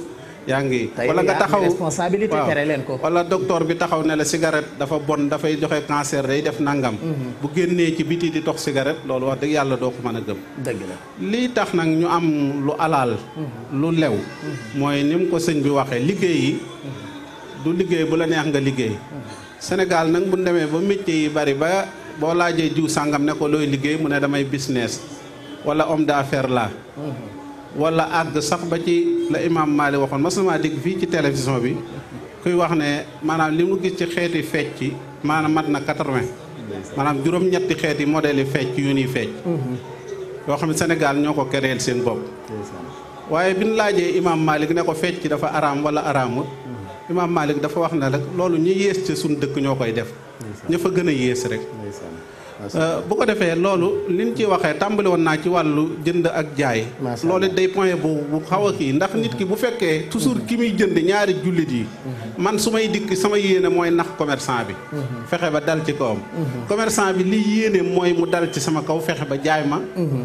yaa ngi wala nga taxaw responsabilité tere leen ko wala docteur bi taxaw ne la cigarette dafa bon dafay joxe cancer day def nangam mhm. bu génnee ci biti di tox cigarette loolu wax dëgg yàlla doo ko mën a gëm dëgg la lii tax nag ñu am lu alaal mhm. lu lew mhm. mooy ni ko sëñ bi waxee liggéey yi du liggéey bu la neex nga liggéey Sénégal nag bu demee ba métier yi bari ba boo laajee jiw sàngam ne ko looy liggéey mu ne damay business wala homme d'affaires la wala àgg sax ba ci la imaam Maalik waxoon mas na maa dégg fii ci télévision bi kuy wax ne maanaam li mu gis ci xeeti ci maanaam mat na quatre-vingt maanaam juróom-ñetti xeeti modèle yi fecc yu nuy fecc mm-hmm. yoo xam ne Sénégal ñoo ko kereel seen bopp waaye bi ñu laajee imaam Maalik ne ko fecc dafa araam wala araamut mm-hmm. imaam Maalik dafa wax na rek loolu ñu yées ci suñu dëkk ñoo koy def ña fa gën a yées rek Euh, bu ko defee loolu liñ ci waxee tàmbali woon naa ci wàllu jënd ak jaay loolu it day point bu bu xaw a kii ndax nit ki bu fekkee toujours ki muy jënd ñaari jullit yi mhm. man su may dikk sama yéene mooy nax commerçant bi mhm. fexe ba dal ci kawam mhm. commerçant bi li yéene mooy mu dal ci sama kaw fexe ba jaay ma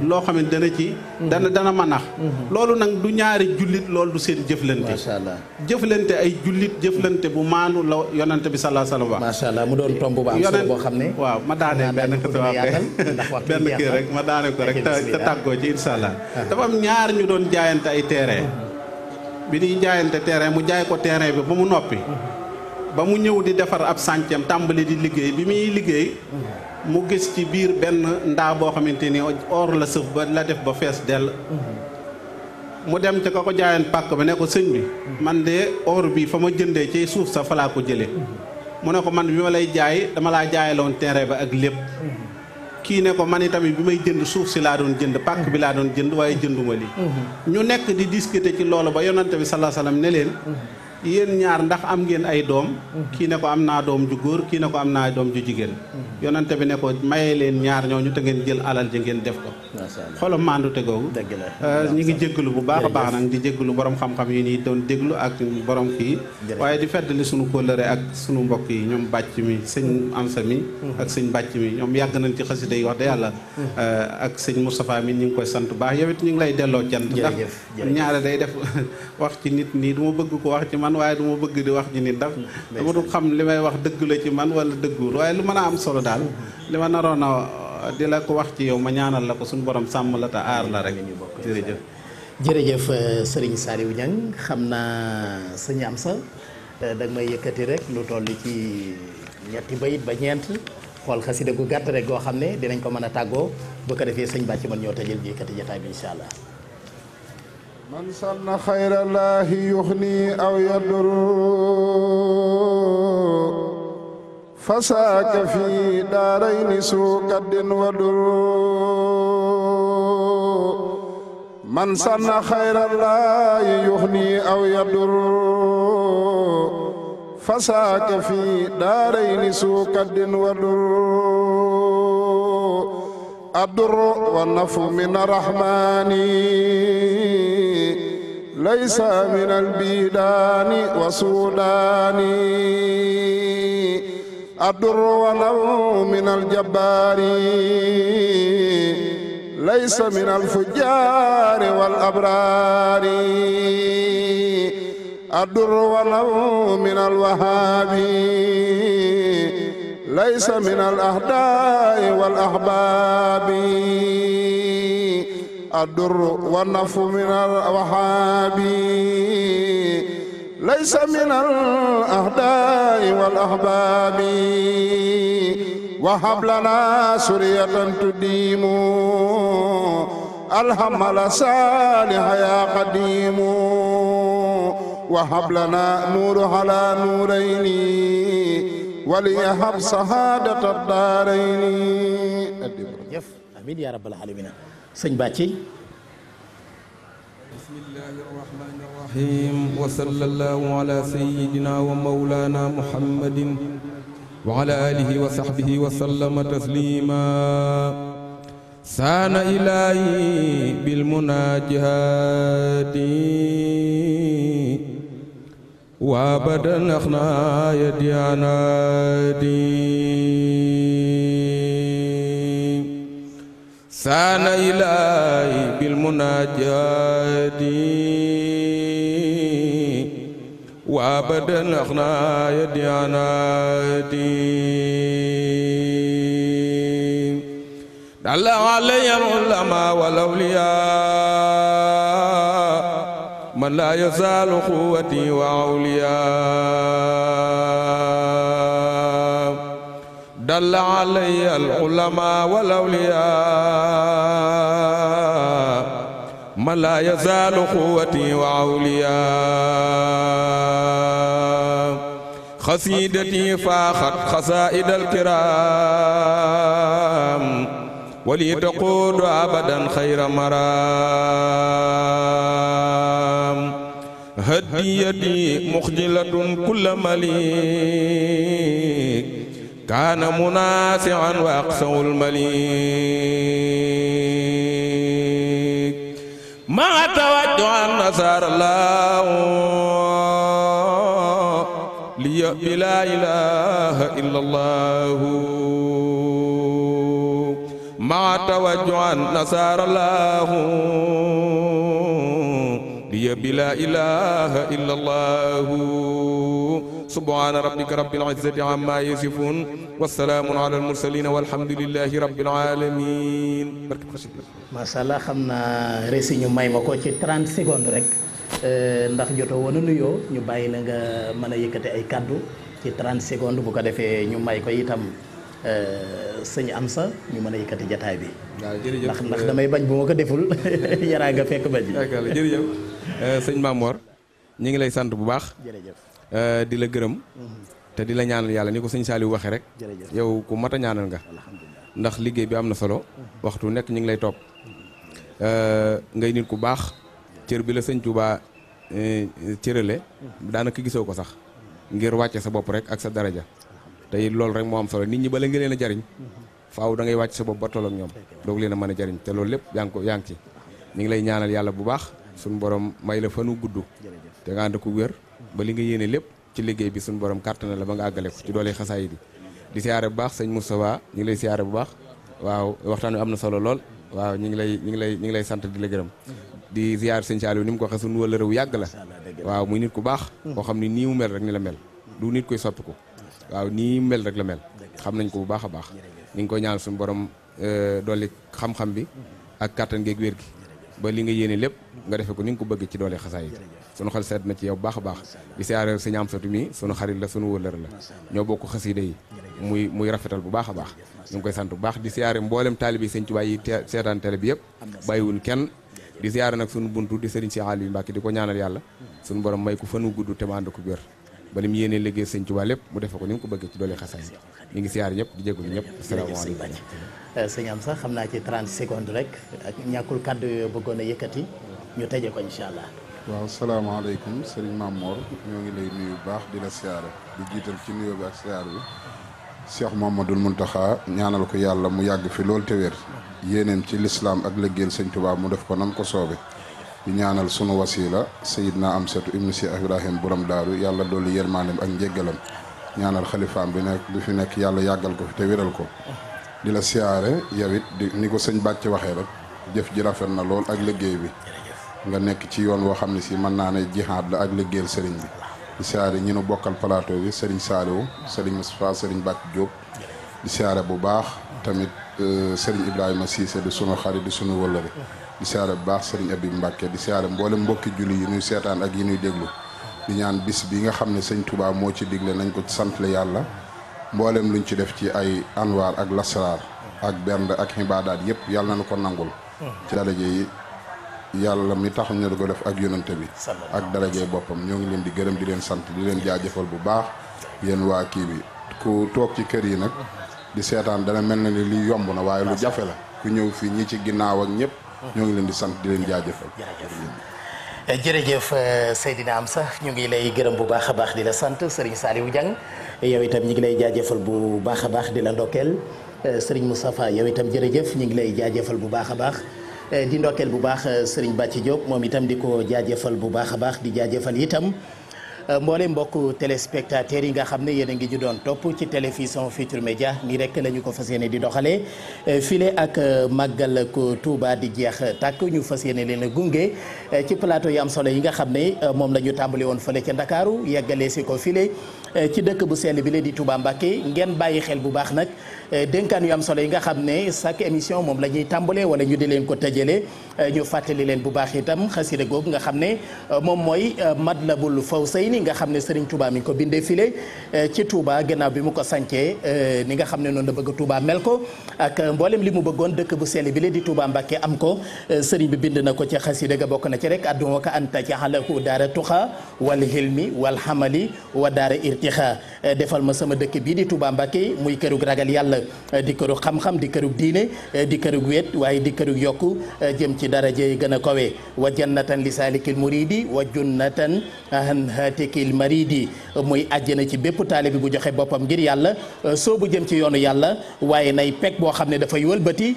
loo xam ne dana ci dana dana ma nax loolu nag du ñaari jullit lool du seen jëflante macha allah jëflante ay jullit jëflante bu maanu la yonante bi salaa salaam wax mu doon tomb bu xam ne waaw ma [LAUGHS] benn kii rek ma daane ko rek te tàggoo ci incha [LAUGHS] dafa am ñaar ñu doon jaayante ay terrain bi ñuy jaayante terrain mu jaay ko terrain bi ba mu noppi ba mu ñëw di defar ab sàncam tàmbali di liggéey bi muy liggéey mu gis ci biir benn ndaa boo xamante ni or la sëf ba la def ba fees dell mu dem ca ka ko jaayan pàkk ba ne ko sëñ bi man de or bi fa ma jëndee ci suuf sa fa ko jële mu ne ko man bi ma lay jaay dama laa jaayaloon terrain ba ak lépp kii ne ko man itamit bi may jënd suuf si laa doon jënd pàkk bi laa doon jënd waaye jënduma li mhm. ñu nekk di discuter ci loolu ba yonante bi salaa salaam ne leen mhm. yéen ñaar ndax am ngeen ay doom kii ne ko am naa doom ju kii ne ko am naa doom ju jigéen yonante bi ne ko mayee leen ñaar ñoo ñu te ngeen jël alal ja ngeen def ko xolam maandu te googu euh, ñi ngi lu bu baax a baax nag di jéggalu borom xam-xam yi nii doon déglu ak borom kii waaye di feddali suñu kóllëre ak suñu mbokk yi ñoom bàcc mi sëñ Amsa mi ak sëñ bàcc mi ñoom yàgg nañ ci xasida yi wax da yàlla euh, ak sëñ Moustapha mi ñu ngi koy sant baax yow it ñu ngi lay delloo cant ndax ñaare day [LAUGHS] waaye du ma bëgg di wax ji ni ndax dama du xam li may wax dëgg la ci man wala dëggul waaye lu mën a am solo daal li ma naroon a di la ko wax ci yow ma ñaanal la ko suñu borom sàmm la te aar la rek jërëjëf jërëjëf euh, sëriñ Saliou Niang xam naa sëñ am sa euh, danga may yëkkati rek lu toll ci ñetti bayit ba ñeent xool xasida gu gàtt rek goo xam ne dinañ ko mën a tàggoo bu ko defee sëñ bàcc man ñoo tëjal ji yëkkati jotaay bi incha allah من سن خير الله يغني أو يضر فساك في دارين سوء قد ودر من سن خير الله يغني أو يضر فساك في دارين سوء قد ودر الضر والنفع من الرحمن ليس من البيدان وسودان الضر والنفع من الجبار ليس من الفجار والأبرار الضر والنفع من الوهاب ليس من الأهداء والأحباب الدر والنف من الوهاب ليس من الأهداء والأحباب وهب لنا سرية تديم الهم صالح يا قديم وهب لنا نور على نورين وليهب سعادة الدارين jëf amiin yaa rabbal aalamiin sëñ Bàcci بسم الله الرحمن الرحيم وصلى الله على سيدنا ومولانا محمد وعلى آله وصحبه وسلم تسليما سان إلهي بالمناجات وابدا الاخنا يدي عنادي سان الهي بالمناجات وابدا الاخنا يدي عنادي دل علي العلماء والاولياء man laa yosaalu xuwati wa awliyaa dalla alayya alxulamaa wal awliyaa man laa yosaalu xuwati wa awliyaa xasiidati faaxat xasaa'idal kiraam ولي تقود أبدا خير مرام هديتي مخجلة كل مليك كان مناسعا وأقسو المليك ما توجع النصر الله لي بلا إله إلا الله ما توجعا نصار الله لي بلا إله إلا الله سبحان ربك رب العزة عما يصفون والسلام على المرسلين والحمد لله رب العالمين ما شاء الله خمنا ريسي ñu may ma ko ci 30 secondes rek ndax joto woon nuyoo ñu bàyyi la nga mën a yëkkate ay kàddu ci 30 secondes bu ko defee ñu may ko itam sëñ am sa ñu mën a yëkkati bi. ndax bañ bu ma ko deful [LAUGHS] yaraa nga fekk ba ji. d'accord jërëjëf euh, ñu ngi lay sant bu baax. jërëjëf euh, di la gërëm. Mhm. te di la ñaanal yàlla ni ko sëñ saali waxee rek. yow ku mat a ñaanal nga. ndax liggéey bi am na solo. Mhm. waxtu nekk ñu ngi lay topp. Mhm. Euh, ngay nit ku baax. cër bi la sëñ Touba cërale. daanaka gisoo ko sax. ngir wàcce sa bopp rek ak sa daraja. tey loolu rek moo am solo nit ñi bala nga leen a jariñ faaw da ngay wàcc sa bopp ba ñoom doog leen a mën a jariñ te loolu lépp yaa ngi ko ngi lay ñaanal yàlla bu baax suñu borom may la fanu gudd te nga ànd ko wér ba li nga yéene lépp ci liggéey bi suñu borom kàttan la ba nga àggale ko ci doole xasaay bi di siyaare bu baax sëñ Moustapha ñu ngi lay bu baax waaw waxtaan wi am na solo lool waaw ñu ngi lay ñu ngi lay ñu ngi lay sant di la gërëm di siyaare sëñ Saliou ni mu ko waxee suñu wëllëre wu yàgg la waaw muy nit ku baax oo xam ni nii mu mel rek ni la mel du nit koy soppiku waaw nii mel rek la mel xam nañ ko bu baax a baax ñu ngi koy ñaan suñu borom euh, dolli xam-xam bi ak kàttan geeg wér gi ba li nga yéene lépp nga defe ko ni nga ko bëgg ci doole xasaay yi sunu xel seet na ci yow baax a baax bi siyaare sëñ Amsatu mi sunu xarit la sunu wëllër la ñoo ko xasiida yi muy muy rafetal bu baax a baax ñu ngi koy sant bu baax di siyaare mboolem taalibe sëñ Tuubaa yi seetaan télé bi yëpp bàyyiwuñ kenn di siyaare nag sunu buntu di sëriñ si Aliou Mbàkke di ko ñaanal yàlla sunu borom may ko fanu gudd te ma ànd ko wér ba ni mu yéenee liggéey sëñ Tuubaa lépp mu defe ko ni mu ko bëggee ci doole xasaay mi ngi siyaar ñëpp di jégalu ñëpp asalaamaaleykum sax xam naa ci 30 secondes rek ak ñàkkul kàddu yoo bëggoon a ñu tege ko incha allah waaw salaamaaleykum sëriñ Mamor ñoo ngi lay nuyu baax di la siyaare di jiital ci nuyoo bi ak siyaar bi Cheikh mun taxa ñaanal ko yàlla mu yàgg fi loolu te wér yéeneem ci lislaam ak liggéeyal sëñ Tuubaa mu def ko nam ko soobe di ñaanal sunu wasila sayidna am setu ibnu si ibrahim borom daaru yàlla dolli yërmaandem ak njéggalam ñaanal xalifaam bi nekk bi fi nekk yàlla yàggal ko fi te wéral ko di la siyaare yow it di ni ko sëñ bàcc waxee rek jëf ji rafet na lool ak liggéey bi nga nekk ci yoon woo xam ne si mën naa ne jihaad la ak liggéeyal sëriñ bi di siyaare ñi nu bokkal plateau bi sëriñ Saliou sëriñ Moustapha sëriñ Bàcc Diop di siyaare bu baax tamit euh, sëriñ Ibrahima Cissé di sunu xarit di sunu wëllëre di siyaare bu baax sëriñ Abib Mbàkke di siyaare mboole mbokki julli yi nuy seetaan ak yi nuy déglu di ñaan bis bi nga xam ne sëñ Touba moo ci digle nañ ko santle yàlla mboolem luñ ci def ci ay anwaar ak lasraar ak benn ak xibaadaat yëpp yàlla na ko nangul ci daraje yi yàlla mi tax ñu ko def ak yonante bi ak daraje boppam ñoo ngi leen di gërëm di leen sant di leen jaajëfal bu baax yéen waa kii bi ku toog ci kër yi nag di seetaan dana mel na ni li yomb na waaye lu jafe la ku ñëw fii ñi ci ginnaaw ñëpp ñoo ngi leen di sant di leen jaajëfal. jërëjëf eh, am sax ñu ngi lay gërëm bu baax a baax di la sant Serigne Saliou Dieng yow itam ñu ngi lay jaajëfal bu baax a baax di la ndokkeel eh, Serigne Moustapha yow itam jërëjëf ñu ngi lay jaajëfal bu baax a baax eh, di ndokkeel bu baax Serigne Bàcci Diop moom itam di ko jaajëfal bu baax a baax di jaajëfal itam. Euh, mboole mbokk téléspectateurs yi nga xam ne yéen a ngi ñu doon topp ci télévision Futurs média nii rek la ko fa yéene di doxalee euh, file ak euh, màggal ko Touba di jeex tàkk ñu fas yéene leen a gunge ci plateau yi am solo yi nga xam ne moom lañu ñu tàmbali woon fële ca Ndakaaru yeggalee si ko file ci dëkk bu sell bi la di Touba Mbacké ngeen bàyyi xel bu baax nag Eh, dénkaan yu am solo yi nga xam ne chaque émission moom la ñuy tàmbalee wala ñu di leen ko tëjale eh, ñu fàttali leen bu baax itam xasida googu nga xam ne eh, moom mooy Matlabul Fawzayni nga xam ne Serigne Touba mi ngi ko bindee file ci Touba gannaaw bi mu ko sancee ni nga xam ne noonu la bëgg Touba mel ko ak mboolem li mu bëggoon dëkk bu sell bi la di Touba Mbacke am ko sëriñ bi bind na ko ci xasida ga bokk na ci rek adduwa ka anta ci xalahu daara tuxa wal hilmi wal xamali wa daara defal ma sama dëkk bii di Touba Mbacke muy kërug ragal yàlla Eh, di këru xam-xam di këru diine eh, di këru wéet waaye di këru yokku eh, jëm ci dara yi gën a kawe wa jannatan li salikil muridi wa junnatan an hatikil maridi muy àjjana ci bépp taalibi bu joxe boppam ngir yàlla soo bu jëm ci yoonu yàlla waaye nay pek boo xam ne dafay wëlbati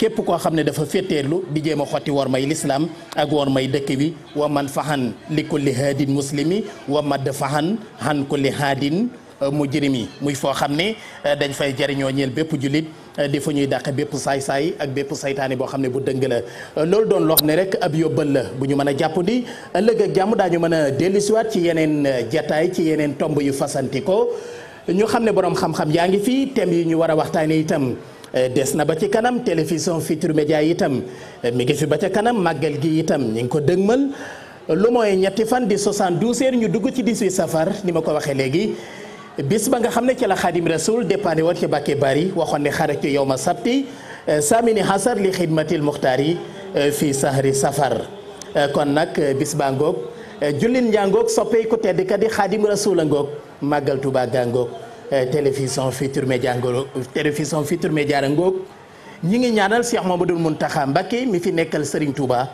képp koo xam ne dafa fétteerlu di jéem a xotti war may lislaam ak war may dëkk bi wa man fahan li kulli haadin muslimi wa mad fahan han kulli haadin Euh, mu jërim yi muy foo xam ne euh, dañ fay jariñoo ñeel bépp jullit euh, di fa ñuy dàq bépp saay-saay ak bépp saytaane boo xam ne bu dëng la loolu doon loo xam ne rek ab yóbbal la bu ñu mën a jàppandi ëllëg ak jàmm daañu mën a dellusiwaat ci yeneen jataay ci yeneen tomb yu fasantikoo ñu xam ne boroom xam-xam yaa ngi fii thèmes yi ñu war a waxtaanee itam des na ba ci kanam télévision Futurs Médias itam mi ngi ba ca kanam màggal gi itam ñu ngi ko dëgmal lu mooy fan di 72 heures dugg ci 18 safar ni ma ko waxee léegi. bis ba nga xam ne ci la xaadim rasul dépanné woon ci Bakke Bari waxoon ne xarajtu yawma sabti eh, saamini hasar li xidmatil muxtaari eh, fii sahri safar eh, kon nag bis baa ngoog jullit njàngoog soppey ku tedd ka di xaadim rasul a ngoog màggal Tuubaa gaa ngoog télévision Futurs Médias ngoog télévision Futurs Médias ngoog ñi ngi ma Cheikh Mamadou Mountakha Mbacké mi fi nekkal Serigne Touba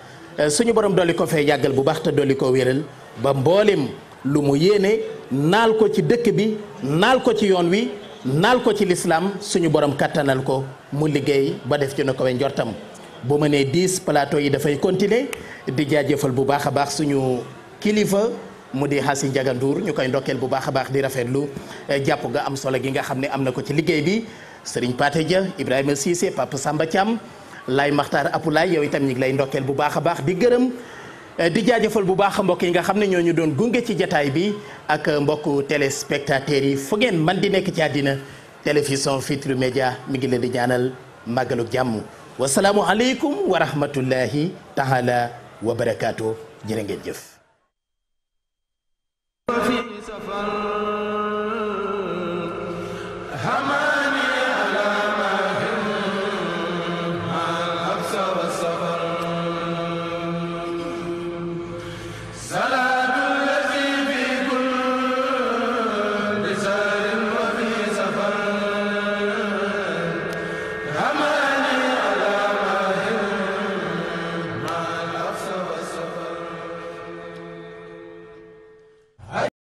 suñu borom dolli ko fee yàggal bu baax te dolli ko wéral ba mboolem lu mu yéene naal ko ci dëkk bi naal ko ci yoon wi naal ko ci lislaam suñu borom kàttanal ko mu liggéey ba def ci na kowe njortam bu ma nee dix palaato yi dafay continuer di jaajëfal bu baax a baax suñu kilifa mu di Xaasi Njaga Nduur ñu koy ndokkeel bu baax a baax di rafetlu eh, jàpp ga am solo gi nga xam ne am na ko ci liggéey bi sëriñ Pathé ja Ibrahima Cissé Papa Samba Thiam Laay Maxtaar Apulaay yow itam ñi lay ndokkeel bu baax a baax di gërëm Eh, di jaajëfal bu baax mbokk yi nga xam ne ñoo ñu doon gunge ci jataay bi ak mbokku téléspectateurs yi fu ngeen man di nekk ci àddina télévision Futurs média mi ngi leen di ñaanal màggalug jàmm wasalaamu aleykum wa rahmatullahi taala wa barakaatu jërë ngeen jëf